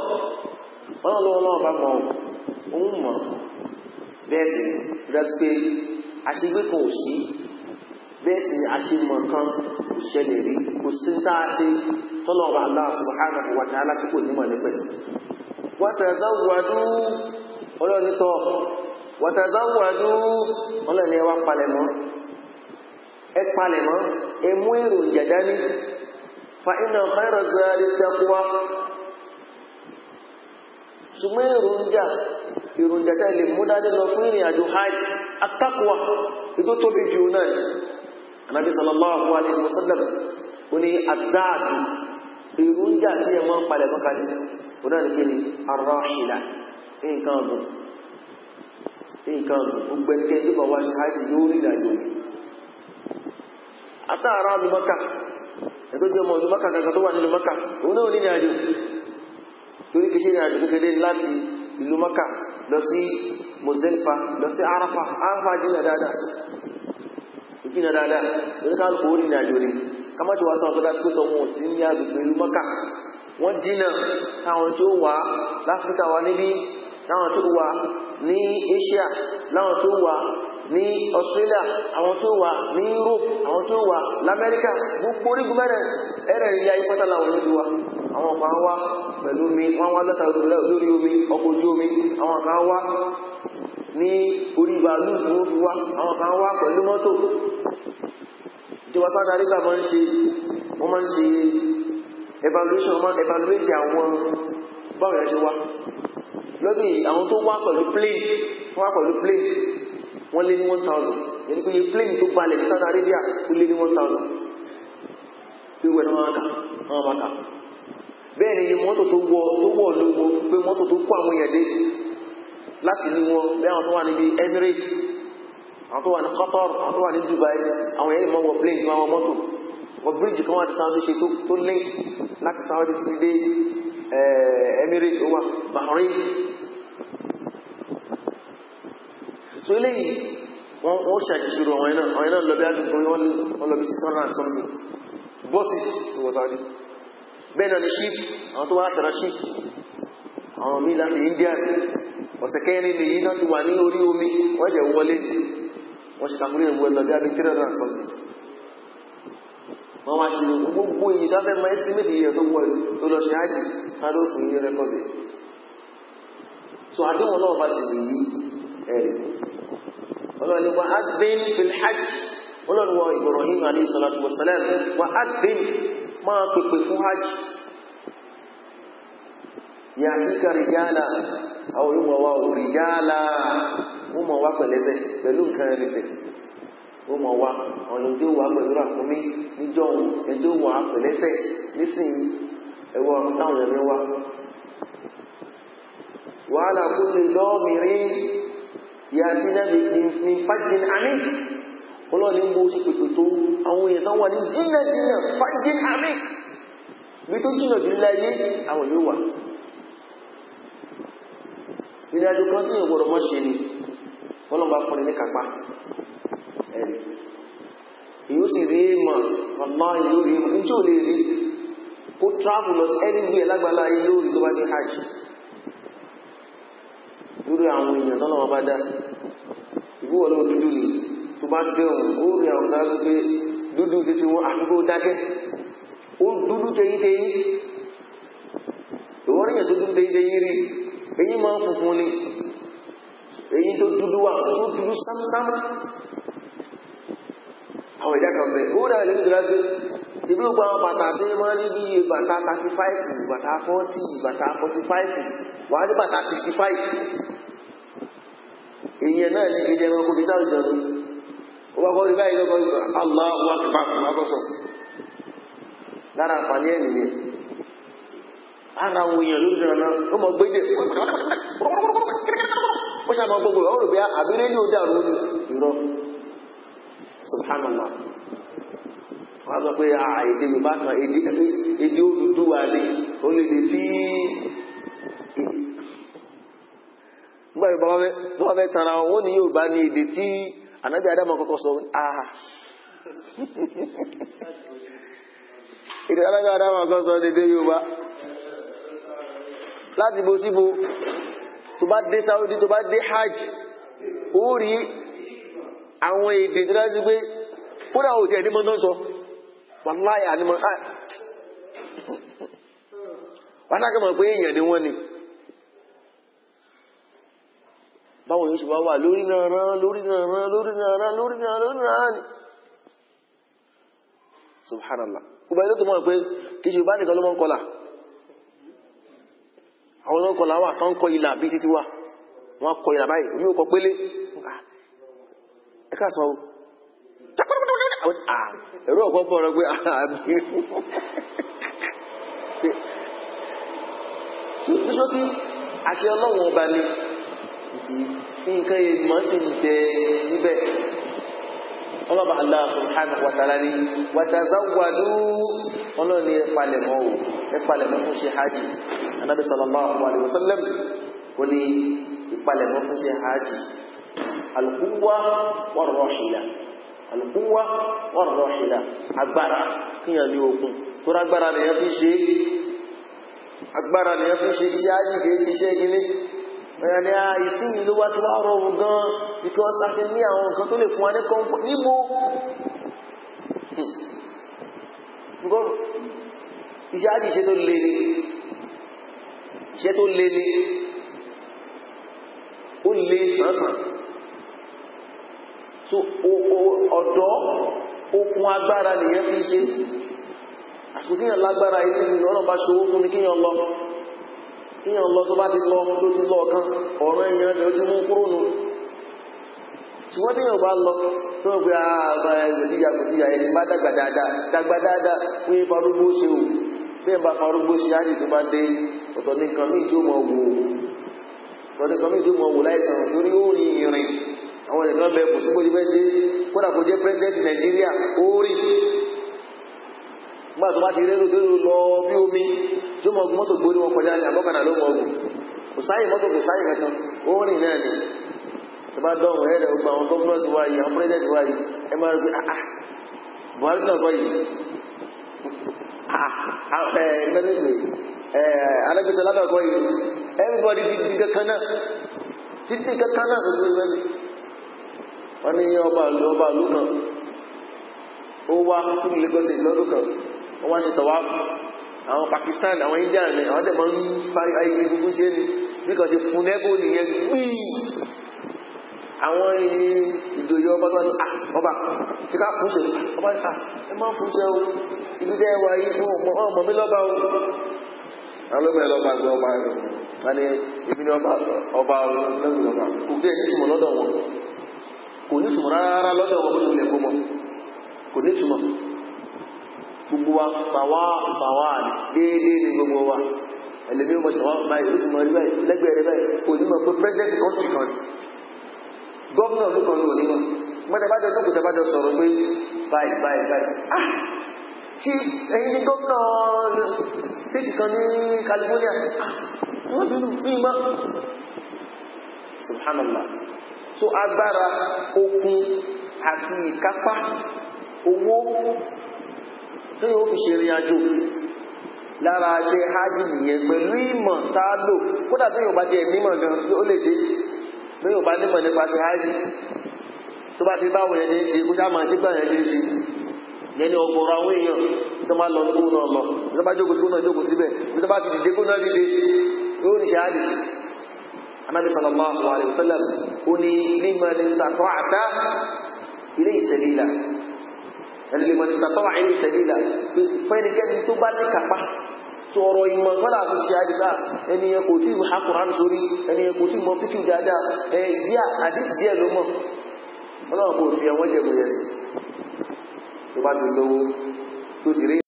ọlọ́run lọ́wọ́ lọ́wọ́ bá mọ̀ òun mọ̀ bẹ́ẹ̀ sì dájú pé àṣegbé kan ò sí bẹ́ẹ̀ sì ni àṣemọ̀ kan kò ṣẹlẹ̀ rí kò sí tá a ṣe tọ́lọ́wọ́ Allah subhanahu wa ta'ala tí kò nímọ̀ nípẹ̀ wàtàzáwàdú ọlọ́nitọ́ wàtàzáwàdú ọlọ́ni ẹwà palẹ̀mọ́ ẹ palẹ̀ mọ́ ẹ mú èròjà dání fa iná fẹ́rẹ̀ gbẹ́rẹ́ tẹ́kùwá ṣùgbọ́n èròjà èròjà tẹ́ lè mú dání lọ fún ìrìn àjò hajj atákùwá ètò tóbi jù náà anabi sallallahu alayhi wa sallam ó ní azaadu èròjà tí ẹ máa ń palẹ̀ mọ́ kalẹ̀ ó náà ní kí ni arahila nǹkan ọ̀gbìn nǹkan ọ̀gbìn gbogbo ẹnikẹ́ni tó sí hajj yóò rí ìrìn àjò yìí àtàrà lu maka ẹgbẹ́ bí ọmọ lu maka kankan tó wà nínú maka òun náà ní ìrìnàjò torí kìí ṣe ìrìnàjò kékeré láti ìlú maka lọ sí Muzdalifa lọ sí Arafa Arafa jìnnà dáadáa jìnnà dáadáa lórí káàlù kò ó ní ìrìnàjò rẹ̀ kámáṣe wa sọ ọ̀tọ́dá pé tọmọ tí ń yá gbogbo ìlú maka wọ́n jìnnà táwọn tó wà láfíríkà wa níbí láwọn tó wà ní Asia láwọn tó wà ní Australia àwọn tí ó wà ní Europe àwọn tí ó wà lamẹ́ríkà gbogbo orígun mẹ́rẹ̀ ẹ̀rẹ̀ ilé ayé pátá làwọn ló ti wá àwọn kan wá pẹ̀lú omi wọ́n wá lọ́ta lórí omi ọkọ̀ ojú omi àwọn kan wá ní orí bàálù tí wọ́n fi wá àwọn kan wá pẹ̀lú mọ́tò ìjọba South Africa máa ń ṣe wọ́n máa ń ṣe evaluation wọ́n máa ń evaluate àwọn báwọn yẹn ṣe wá lọ́dún yìí àwọn tó wá pẹ̀lú plane wá pẹ̀lú plane wọ́n lé ní one thousand yẹn ni pé plane tó balẹ̀ ní Saudi Arabia ó lé ní one thousand pé wẹ́n wọn kà wọn bá kà bẹ́ẹ̀ ni iye mọ́tò tó wọ tó wọ̀ lówó pé mọ́tò tó kó àwọn èèyàn dé láti ní wọn bẹ́ẹ̀ àwọn tó wà níbi Emirates àwọn tó wà ní Qatar àwọn tó wà ní Dubai àwọn èèyàn mọ̀ wọ plane tó àwọn mọ́tò wọ bíríìjì kan wà ní Saudi ṣe tó link láti Saudi títí dé eh, Emirates ó wà Bahrain so eléyìí wọ́n wọ́n ṣàkíṣirò àwọn iná àwọn iná lọ́bí àdúgbò wọ́n lọ́bí six hundred and something bọ́sì ìwọ̀ sáwọ́dí bẹ́ẹ̀ náà ni ship àwọn tó wá tẹ̀rọ ship àwọn míì láti India ọ̀sẹ̀ kẹ́yìn lè yí náà ti wà ní orí omi wọ́n jẹ́ wọlé wọ́n ṣe kàkúrẹ́ ìwọ̀ lọ́bí àdúgbò three wọ́n wá ṣe gbogbo èyí tó fẹ́ mọ ẹ́símẹ́tì yẹ tó wọ tó lọ ṣe ájì sáré òkú rẹ́kọ̀dì so àdéhùn náà bá ṣe lè yí ẹ̀rí ọlọ́run ni wọ́n á dín fil hajj ọlọ́run wọ Ibrahim alayhi salatu wa salam wọ́n á dín máa pèpè fún hajj yàtúkà rìjálà àwọn olùmọ̀wá ò rìjálà wọ́n mọ̀ wá pẹ̀lẹ́sẹ̀ pẹ̀lú nǹkan ẹ̀rẹ́sẹ̀ wọ́n mọ̀ wá ọ̀nà tí ó wà pẹ̀lú àkúnmí níjọ́ òun wà pẹ̀lẹ́sẹ̀ nísìnyí ẹ̀wọ̀ táwọn ẹ̀mí wá wàhálà kúlè lọ́ọ̀mìrín yàtínà ní fàjìn àmì ọlọ́ni ń bó sí pèpè tó àwọn èèyàn tán wà ní jìnnà jìnnà fàjìn àmì bí tó jìnnà jù láyé àwọn yóò wà ìrìnàjò kan tí èèyàn gbọdọ̀ mọ́ ṣe ni ọlọ́run bá fún ni ní kápá ẹ̀rì èyí ó sì rí mọ̀ ọ̀nà ìlú rí mọ̀ níjó lè rí kó travel lọ sí ẹni gbé lágbàlá ayé lórí tó bá ní hajj lórí àwọn èèyàn tọ́nà wọn bá dá ìbúwọ̀ ló dúdú ni tó bá dé òun ó rí àwọn ọ̀gá wípé dúdú títí wọn àdúgbò dákẹ́ ó dúdú tẹyítẹyí ìwọ́n ríyàn tó dúdú tẹyítẹyí rí èyí máa ń funfun ni tó dúdú wà tó dúdú àwọn ìjà kan bẹ owó náà lèmi dùrá gbé ibi gbogbo àwọn bàtà tí wọn rí bí bàtà thirty five bàtà forty bàtà forty five wàá ní bàtà sixty five èèyàn náà ní ìjẹ ẹranko bíi sáré jọ sí ó bá kọ́ rí báyìí lọ́kọ́ yìí Allahu akbar akọ́sọ̀ lára àǹfààní ẹ̀ nìyẹn ara àwọn èèyàn ló dùn náà ó mọ gbé dé ó gbogbo ọ̀rọ̀ subhanallah wọ́n sọ pé a ah, èdè yorùbá kan èdè Odùduwà ni ó lè lè tí nígbà yorùbá wọ́n fẹ́ tara wọn ni yorùbá ní èdè tí ànábì Ádámù kọ́kọ́ sọ a ah. èdè ànábì Ádámù kọ́kọ́ sọ èdè yorùbá láti bo síbo tó bá dé Saudi tó bá dé hajj ó àwọn èdè tí wọ́n ti pé kódà òtí ẹ̀ ní mọ́ náà sọ wàláì ànímọ́ ah. wọ́n náà kẹ́mọ̀ pé èèyàn ni wọ́n ni báwọn yóò ṣe wá wà lórí nàrá lórí nàrá lórí nàrá lórí nàrá lórí nàrá ni subhanallah gbogbo ẹni tó mọ̀ pé kì í ṣe bá nìkan ló mọ́ ń kọlà àwọn tó ń kọlà wà ń kọ ilà bí títí wà wọ́n kọ ilà báyìí omi kọ pélé ká sọ ah, ẹ̀rọ ọ̀pọ̀ bọ̀ rẹ pé ah, ah, ọba ni nǹkan sí níbẹ̀ ọlọ́ba ọlọ́ni o fún ṣe hajj ní fún ṣe hajj alùkúwà wọ̀rọ̀ ìlà alùkúwà wọ̀rọ̀ ìlà agbára kíyàn ní okun tó rágbára lè yẹn fi ṣe agbára lè yẹn fi ṣe iṣẹ́ ajíkẹ́ ṣiṣẹ́ gíní ẹ̀yàn ah, ìsinmi ló wá ti wá rọrùn gan because a ti ní àwọn nǹkan tó lè fún wa ní kọ́ńpọ̀ hmm. níbo iṣẹ́ àjì iṣẹ́ tó le ni iṣẹ́ tó le ni ó le sànsàn so ọ̀dọ́ okun agbára nìyẹn fi ṣe àsìkò kíyàn lágbára ilé ìsìn ọ̀nà bá ṣòwò fún mi kíyàn lọ kíyàn lọ tó bá ti lọ tó ti lọ ọ̀kan ọ̀rọ̀ ẹ̀yàn rẹ̀ ó ti mú kúrò nù ṣùgbọ́n tí yóò bá lọ tó ń pe àgbà ìgbòdìyà ìgbòdìyà ẹni bá dàgbà dáadáa dàgbà dáadáa pé farúgbó ṣe o bẹ́ẹ̀ bá farúgbó ṣe á sì tó bá dé ọ̀tọ̀ nìkan míì tí ó mọ̀ wò ọ̀tọ̀ nìkan míì tí ó mọ̀ wò láìsàn torí ó rin ìrìn àwọn ènìyàn bẹ kò sí bójú bẹ́ sí kódà kò jẹ́ pẹ́sidẹ́ntì nàìjíríà ó rí tó bá ti rẹ́rù lọ bí omi tó mọ̀ mọ́tò gbórí wọn kọjá ní àbọ́kànà ló mọ̀ ọ̀gùn kò sáyè mọ́tò kò sáyè kankan ó náà ni tó bá dọ̀hùn ẹ̀rẹ̀ gbogbo àwọn àwọn ẹ máa rí ah, ah, buhari náà kọ́ ah, ah lábẹ́ yìí wọ́n ní ọba ìlú ọba ìlú kan ó wá fún Lagos lọ́dún kan wọ́n wá ṣe tọ̀wá àwọn Pakistan àwọn India ni àwọn tẹ̀ máa ń fari ayé egungun ṣe ni bíkan ṣe fún nẹ́kò nìyẹn gbíì àwọn ìdòyè ọba tó wá ní ah, ọba fi ká fún ṣe ọba ní ah, ẹ máa fún ṣe o ibi tẹ́ wà yìí fún ọmọ ọmọ mi lọ́ba o àwọn ló mẹ́rin lọ́ba gbé ọba rẹ̀ wọ́n ní ìbí ni ọba ọba ọlọ́gbìn ọba kò gbé ẹ̀yìn tìmọ̀ lọ́dọ̀ wọn kò ní ìtumọ̀ rárá lọ́dọ̀ ọmọ tó lẹ̀ kó mọ̀ kò ní ìtumọ̀ gbogbo wa sàwà sàwà déédéé ni gbogbo wa ẹlẹ́mí ọmọ sàwà báyìí ó sì mọ̀ ẹgbẹ́ lẹ́gbẹ̀ẹ́ rẹ báyìí kò ní mọ̀ pé president country kan gọ́ọ̀nà ló kan ní òní mọ̀ mọ́tàbájọ́ tó kù tàbájọ́ sọ̀rọ̀ pé báyìí báyìí báyìí ah tí ẹ̀yin ní gómìnà state kan ní California ah! wọ́n bínú bí mọ́ subhanallah so agbára okun àti ìkápá owó tí yóò fi ṣe ìrìn àjò lára ṣe hajj nìyẹn pẹ̀lú ìmọ̀ tá a lò kódà tí yóò bá tiẹ̀ nímọ̀ gan ó lè ṣe bí yóò bá nímọ̀ nípa ṣe hajj tó bá ti báwo yẹn ṣe ń ṣe kó sáà máa ṣe gbà yẹn ṣe ń ṣe yẹn ni ọ̀gọ̀rọ̀ àwọn èèyàn tó máa lọ kó náà lọ tó bá jókòó tó náà jókòó síbẹ̀ tó bá ti dìde kó náà dìde yóò ní ṣe hajj anabi sallallahu alayhi wa sallam ó ní liman istata'ta ilayhi sabila ẹni liman istata'a ilayhi sabila fẹ́nikẹ́ni tó bá ní kápá sọ̀rọ̀ ìmọ̀ kọ́lá àti ṣe àdìsá ẹniyàn kò tí ha kùránì sórí ẹniyàn kò tí mọ̀ fíkì dáadáa ẹ̀yà àdìsí díẹ̀ ló mọ̀ ọlọ́run kò fi ẹwọ́n jẹ̀mọ̀ yẹn sí tó bá ti lówó tó sì